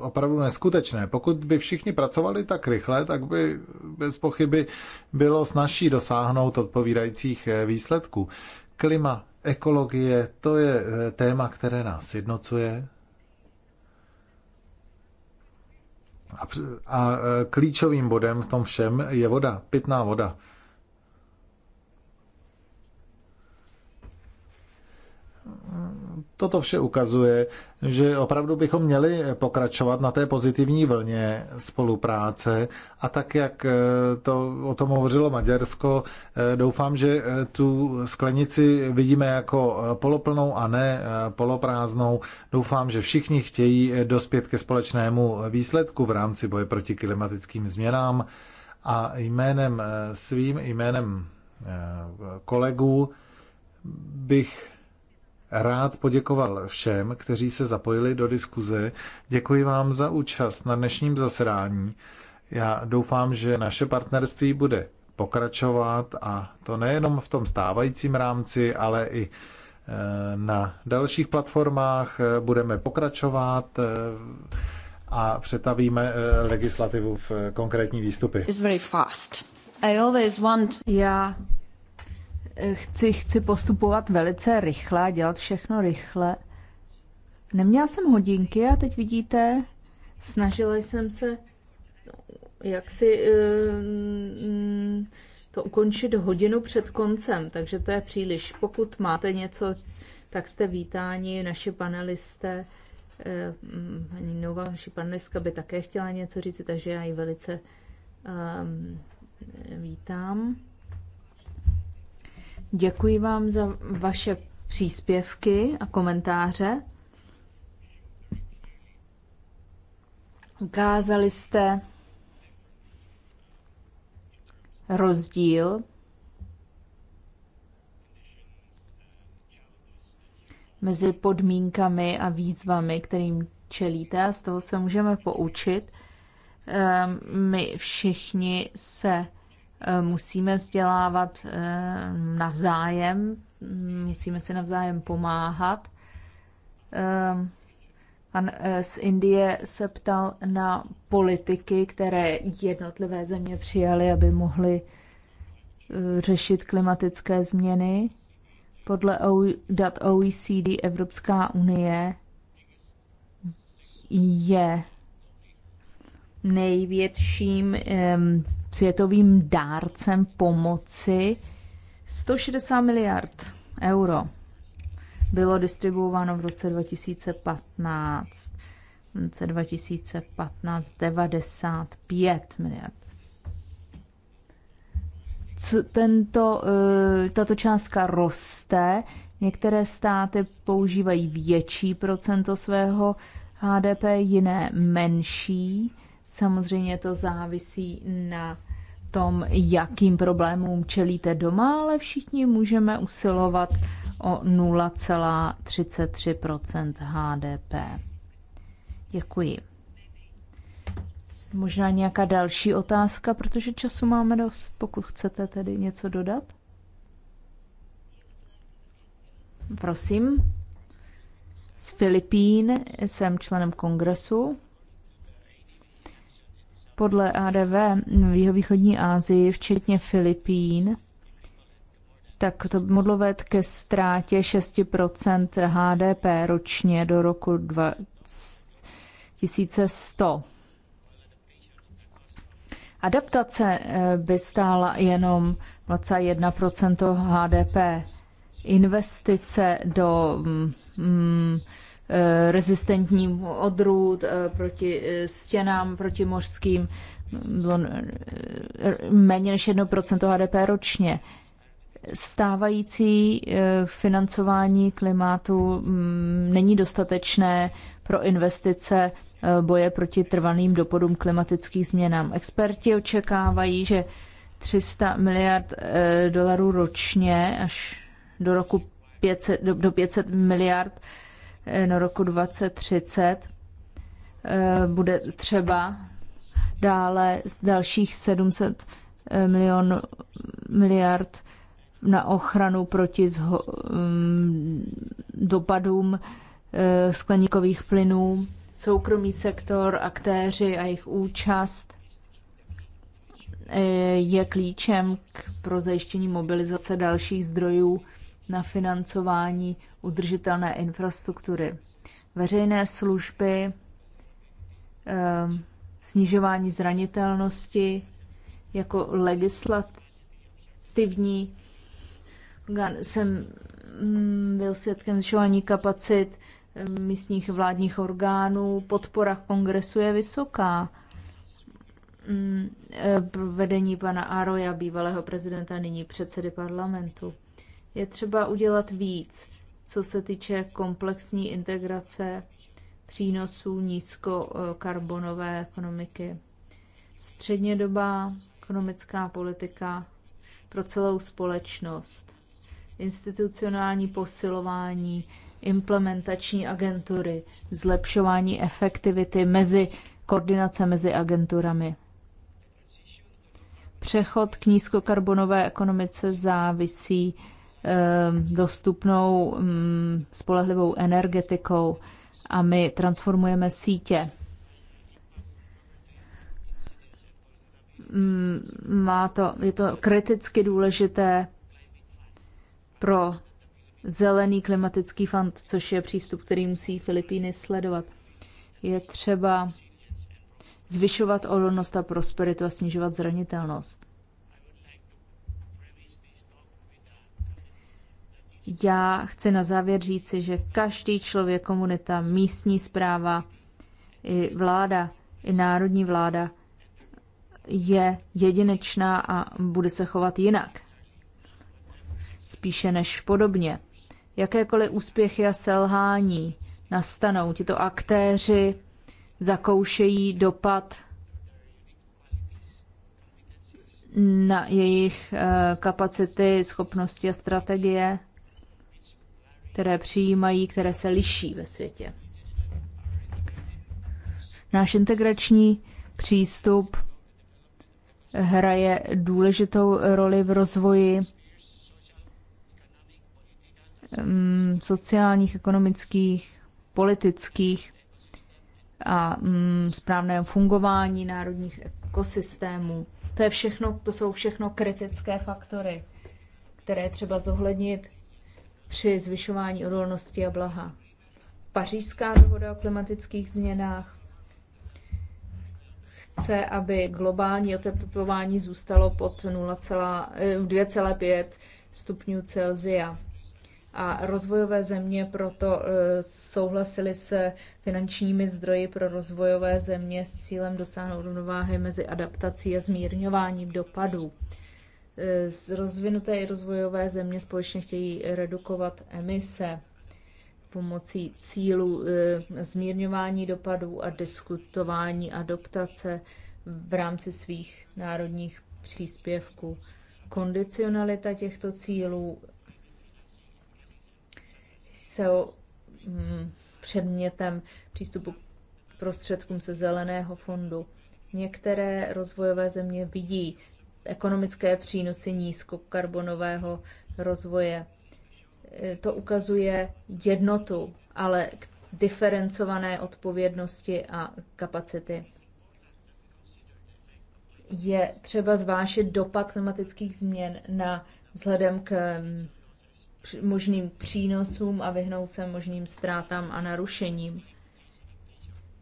opravdu neskutečné. Pokud by všichni pracovali tak rychle, tak by bez pochyby bylo snažší dosáhnout odpovídajících eh, výsledků. Klima, ekologie, to je eh, téma, které nás jednocuje, A, klíčovým bodem v tom všem je voda, pitná voda. toto vše ukazuje, že opravdu bychom měli pokračovat na té pozitivní vlně spolupráce a tak, jak eh, to, o tom hovořilo Maďarsko, eh, doufám, že eh, tu sklenici vidíme jako poloplnou a ne poloprázdnou. Doufám, že všichni chtějí dospět ke společnému výsledku v rámci boje proti klimatickým změnám a jménem svým, jménem kolegů bych rád poděkoval všem, kteří se zapojili do diskuze. Děkuji vám za účast na dnešním zasedání. Já doufám, že naše partnerství bude pokračovat a to nejenom v tom stávajícím rámci, ale i eh, na dalších platformách eh, budeme pokračovat eh, a přetavíme legislativu v konkrétní výstupy. Já chci, chci postupovat velice rychle, dělat všechno rychle. Neměla jsem hodinky a teď vidíte, snažila jsem se no, jak si eh, mm, to ukončit hodinu před koncem, takže to je příliš. Pokud máte něco, tak jste vítáni, naše panelisté, eh, paní Nova, naše panelistka by také chtěla něco říct, takže já ji velice ehm, vítám. Děkuji vám za vaše příspěvky a komentáře. Ukázali jste rozdíl mezi podmínkami a výzvami, kterým čelíte a z toho se můžeme poučit. Ehm, my všichni se Eh, musíme vzdělávat eh, navzájem, musíme si navzájem pomáhat. Ehm, pan eh, z Indie se ptal na politiky, které jednotlivé země přijaly, aby mohly řešit klimatické změny. Podle dat OECD Evropská unie je největším světovým dárcem pomoci 160 miliard euro bylo distribuováno v roce 2015. V roce 2015 95 miliard. Co tento, eh, tato částka roste. Některé státy používají větší procento svého HDP, jiné menší Samozřejmě to závisí na tom, jakým problémům čelíte doma, ale všichni můžeme usilovat o 0,33 HDP. Děkuji. Možná nějaká další otázka, protože času máme dost, pokud chcete tedy něco dodat. Prosím. Z Filipín jsem členem kongresu podle ADV v jihovýchodní Ázii, včetně Filipín, tak to modlové ke ztrátě 6% HDP ročně do roku 2100. Adaptace eh, by stála jenom 21% HDP. Investice do mm, mm Eh, rezistentním odrůd, eh, proti eh, stěnám, proti mořským, bylo méně než 1% HDP ročně. Stávající financování klimatu mm, není dostatečné pro investice boje proti trvaným dopadům klimatických změnám. Experti očekávají, že 300 miliard dolarů ročně až do roku 500, do 500 miliard do eh, roku 2030 eh, bude třeba dále z dalších 700 eh, milion, miliard na ochranu proti zho, mm, dopadům skleníkových plynů, soukromý sektor, aktéři a jejich účast je klíčem k, pro zajištění mobilizace dalších zdrojů na financování udržitelné infrastruktury. Veřejné služby, ehm, snižování zranitelnosti jako legislativní jsem mm, byl svědkem zvyšování kapacit ehm, místních vládních orgánů, podpora kongresu je vysoká. Mm, e, vedení pana Aroja, bývalého prezidenta, nyní předsedy parlamentu. Je třeba udělat víc, co se týče komplexní integrace přínosů nízkokarbonové ekonomiky. Střednědobá ekonomická politika pro celou společnost, institucionální posilování, implementační agentury, zlepšování efektivity mezi koordinace mezi agenturami. Přechod k nízkokarbonové ekonomice závisí Ehm, dostupnou mm, spolehlivou energetikou a my transformujeme sítě. Mm, má to, je to kriticky důležité pro zelený klimatický fond, což je přístup, který musí Filipíny sledovat. Je třeba zvyšovat odolnost a prosperitu a snižovat zranitelnost. Já chci na závěr říci, že každý člověk, komunita, místní zpráva, i vláda, i národní vláda je jedinečná a bude se chovat jinak. Spíše než podobně. Jakékoliv úspěchy a selhání nastanou, tito aktéři zakoušejí dopad na jejich eh, kapacity, schopnosti a strategie které přijímají, které se liší ve světě. Náš integrační přístup hraje důležitou roli v rozvoji mm, sociálních, ekonomických, politických a mm, správného fungování národních ekosystémů. To je všechno, to jsou všechno kritické faktory, které třeba zohlednit při zvyšování odolnosti a blaha. Pařížská dohoda o klimatických změnách chce, aby globální oteplování zůstalo pod 2,5 eh, stupňů Celsia. A rozvojové země proto eh, souhlasily se finančními zdroji pro rozvojové země s cílem dosáhnout rovnováhy mezi adaptací a zmírňováním dopadů. Eh, rozvinuté i rozvojové země společně chtějí redukovat emise pomocí cílů eh, zmírňování dopadů a diskutování adoptace v rámci svých národních příspěvků. Kondicionalita těchto cílů se hm, předmětem přístupu k prostředkům se zeleného fondu. Některé rozvojové země vidí ekonomické přínosy nízkokarbonového rozvoje. E, to ukazuje jednotu, ale k diferencované odpovědnosti a kapacity. Je třeba zvážit dopad klimatických změn na vzhledem k mm, možným přínosům a vyhnout se možným ztrátám a narušením.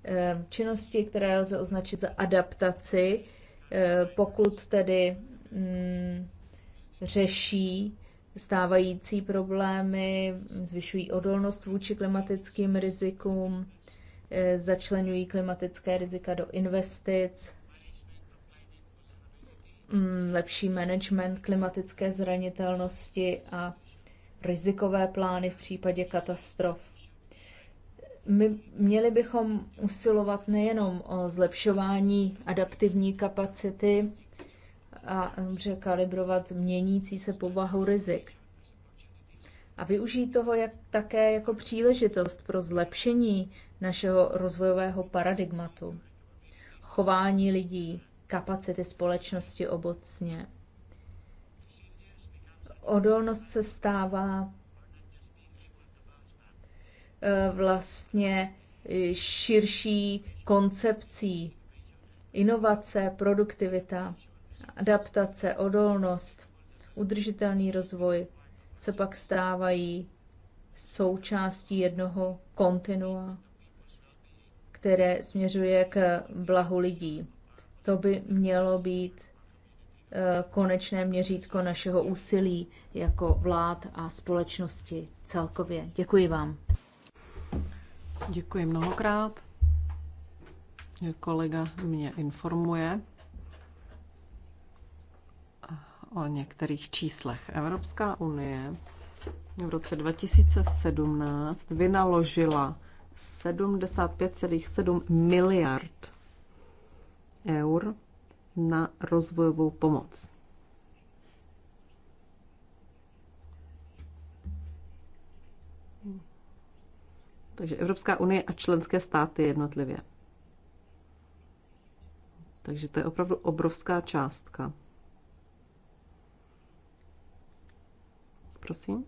E, činnosti, které lze označit za adaptaci, Eh, pokud tedy mm, řeší stávající problémy, zvyšují odolnost vůči klimatickým rizikům, eh, začlenují klimatické rizika do investic, mm, lepší management klimatické zranitelnosti a rizikové plány v případě katastrof. My měli bychom usilovat nejenom o zlepšování adaptivní kapacity a dobře kalibrovat změnící se povahu rizik. A využít toho jak, také jako příležitost pro zlepšení našeho rozvojového paradigmatu, chování lidí, kapacity společnosti obecně. Odolnost se stává Eh, vlastně širší koncepcí inovace, produktivita, adaptace, odolnost, udržitelný rozvoj se pak stávají součástí jednoho kontinua, které směřuje k blahu lidí. To by mělo být eh, konečné měřítko našeho úsilí jako vlád a společnosti celkově. Děkuji vám. Děkuji mnohokrát. Kolega mě informuje o některých číslech. Evropská unie v roce 2017 vynaložila 75,7 miliard eur na rozvojovou pomoc. Takže Evropská unie a členské státy jednotlivě. Takže to je opravdu obrovská částka. Prosím.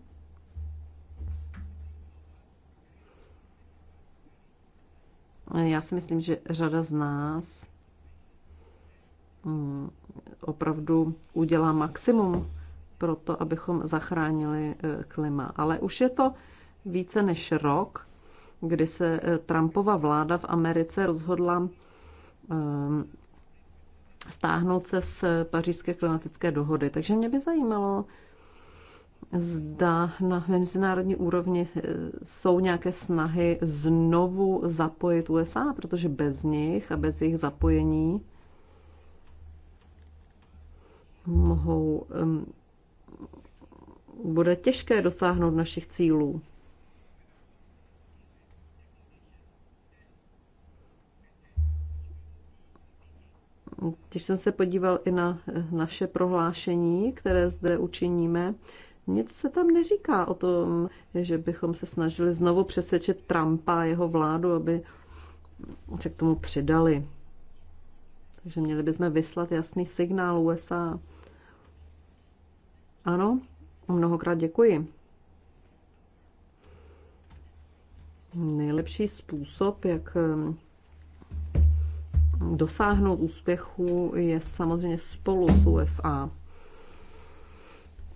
Já si myslím, že řada z nás mm, opravdu udělá maximum pro to, abychom zachránili eh, klima. Ale už je to více než rok, kdy se eh, Trumpova vláda v Americe rozhodla eh, stáhnout se z pařížské klimatické dohody. Takže mě by zajímalo, zda na mezinárodní úrovni eh, jsou nějaké snahy znovu zapojit USA, protože bez nich a bez jejich zapojení mohou, um, bude těžké dosáhnout našich cílů. Když jsem se podíval i na eh, naše prohlášení, které zde učiníme, nic se tam neříká o tom, že bychom se snažili znovu přesvědčit Trumpa a jeho vládu, aby se k tomu přidali. Takže měli bychom vyslat jasný signál USA. Ano, mnohokrát děkuji. Nejlepší způsob, jak eh, dosáhnout úspěchu je samozřejmě spolu s USA.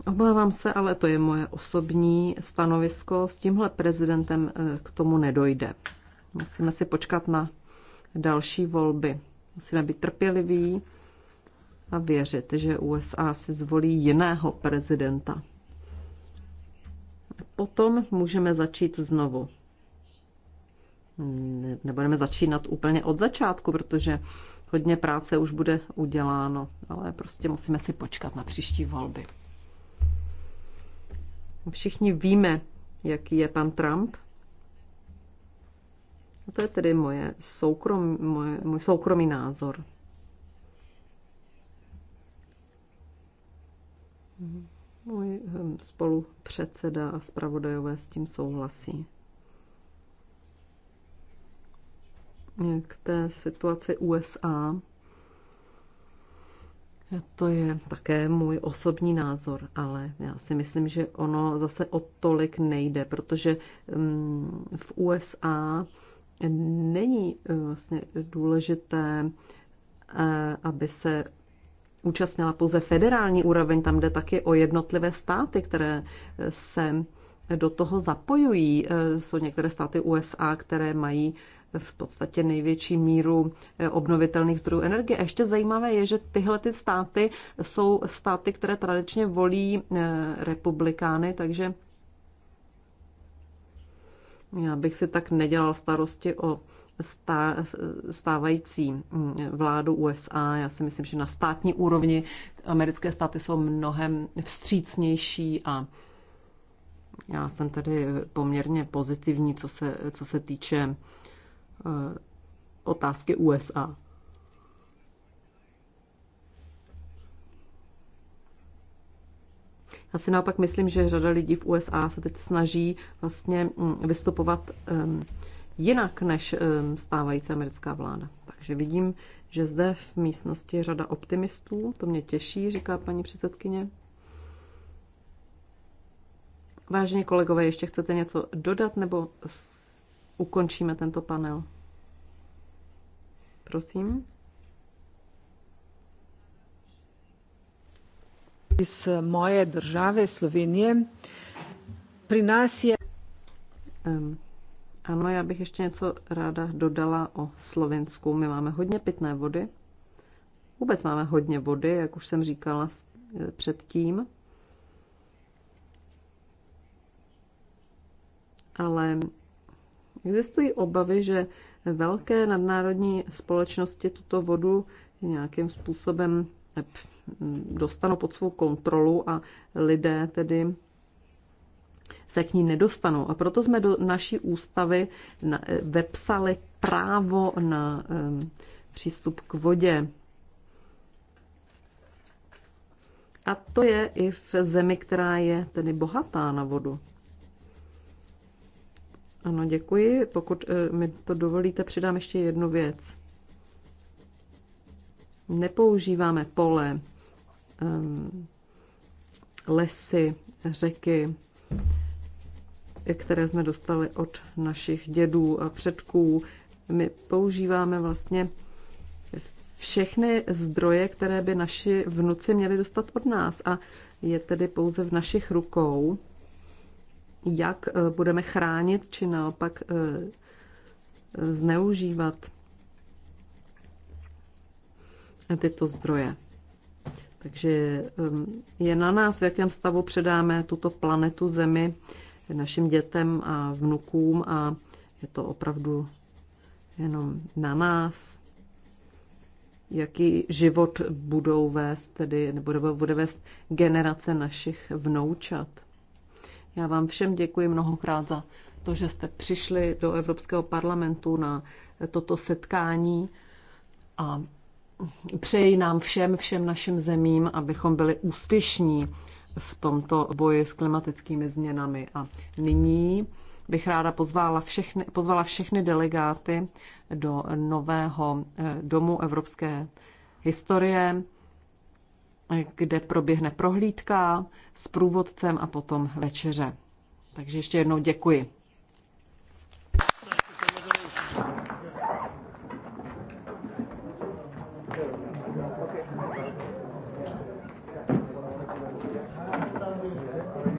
Obávám se, ale to je moje osobní stanovisko, s tímhle prezidentem eh, k tomu nedojde. Musíme si počkat na další volby. Musíme být trpěliví a věřit, že USA si zvolí jiného prezidenta. Potom můžeme začít znovu nebudeme začínat úplně od začátku, protože hodně práce už bude uděláno, ale prostě musíme si počkat na příští volby. Všichni víme, jaký je pan Trump. A to je tedy moje soukrom, moje, můj soukromý názor. Můj hm, spolupředseda a zpravodajové s tím souhlasí. k té situaci USA. To je také můj osobní názor, ale já si myslím, že ono zase o tolik nejde, protože mm, v USA není e, vlastně důležité, e, aby se účastnila pouze federální úroveň, tam jde taky o jednotlivé státy, které e, se do toho zapojují. Jsou některé státy USA, které mají v podstatě největší míru eh, obnovitelných zdrojů energie. A ještě zajímavé je, že tyhle ty státy jsou státy, které tradičně volí eh, republikány, takže já bych si tak nedělal starosti o stávající mm, vládu USA. Já si myslím, že na státní úrovni americké státy jsou mnohem vstřícnější a já jsem tedy poměrně pozitivní, co se, co se týče Eh, otázky USA. Já si naopak myslím, že řada lidí v USA se teď snaží vlastně mm, vystupovat ehm, jinak než ehm, stávající americká vláda. Takže vidím, že zde v místnosti je řada optimistů, to mě těší, říká paní předsedkyně. Vážení kolegové, ještě chcete něco dodat nebo ukončíme tento panel. Prosím. Z eh, moje države Slovenie pri nás je... Um, ano, já bych ještě něco ráda dodala o Slovensku. My máme hodně pitné vody. Vůbec máme hodně vody, jak už jsem říkala eh, předtím. Ale Existují obavy, že velké nadnárodní společnosti tuto vodu nějakým způsobem eh, dostanou pod svou kontrolu a lidé tedy se k ní nedostanou. A proto jsme do naší ústavy eh, vepsali právo na ehm, přístup k vodě. A to je i v zemi, která je tedy bohatá na vodu. Ano, děkuji. Pokud eh, mi to dovolíte, přidám ještě jednu věc. Nepoužíváme pole, ehm, lesy, řeky, které jsme dostali od našich dědů a předků. My používáme vlastně všechny zdroje, které by naši vnuci měli dostat od nás. A je tedy pouze v našich rukou, jak eh, budeme chránit či naopak eh, zneužívat tyto zdroje. Takže ehm, je na nás, v jakém stavu předáme tuto planetu Zemi našim dětem a vnukům a je to opravdu jenom na nás, jaký život budou vést, tedy, nebo bude vést generace našich vnoučat. Já vám všem děkuji mnohokrát za to, že jste přišli do Evropského parlamentu na toto setkání a přeji nám všem, všem našim zemím, abychom byli úspěšní v tomto boji s klimatickými změnami. A nyní bych ráda pozvala všechny, pozvala všechny delegáty do nového eh, domu Evropské historie kde proběhne prohlídka s průvodcem a potom večeře. Takže ještě jednou děkuji.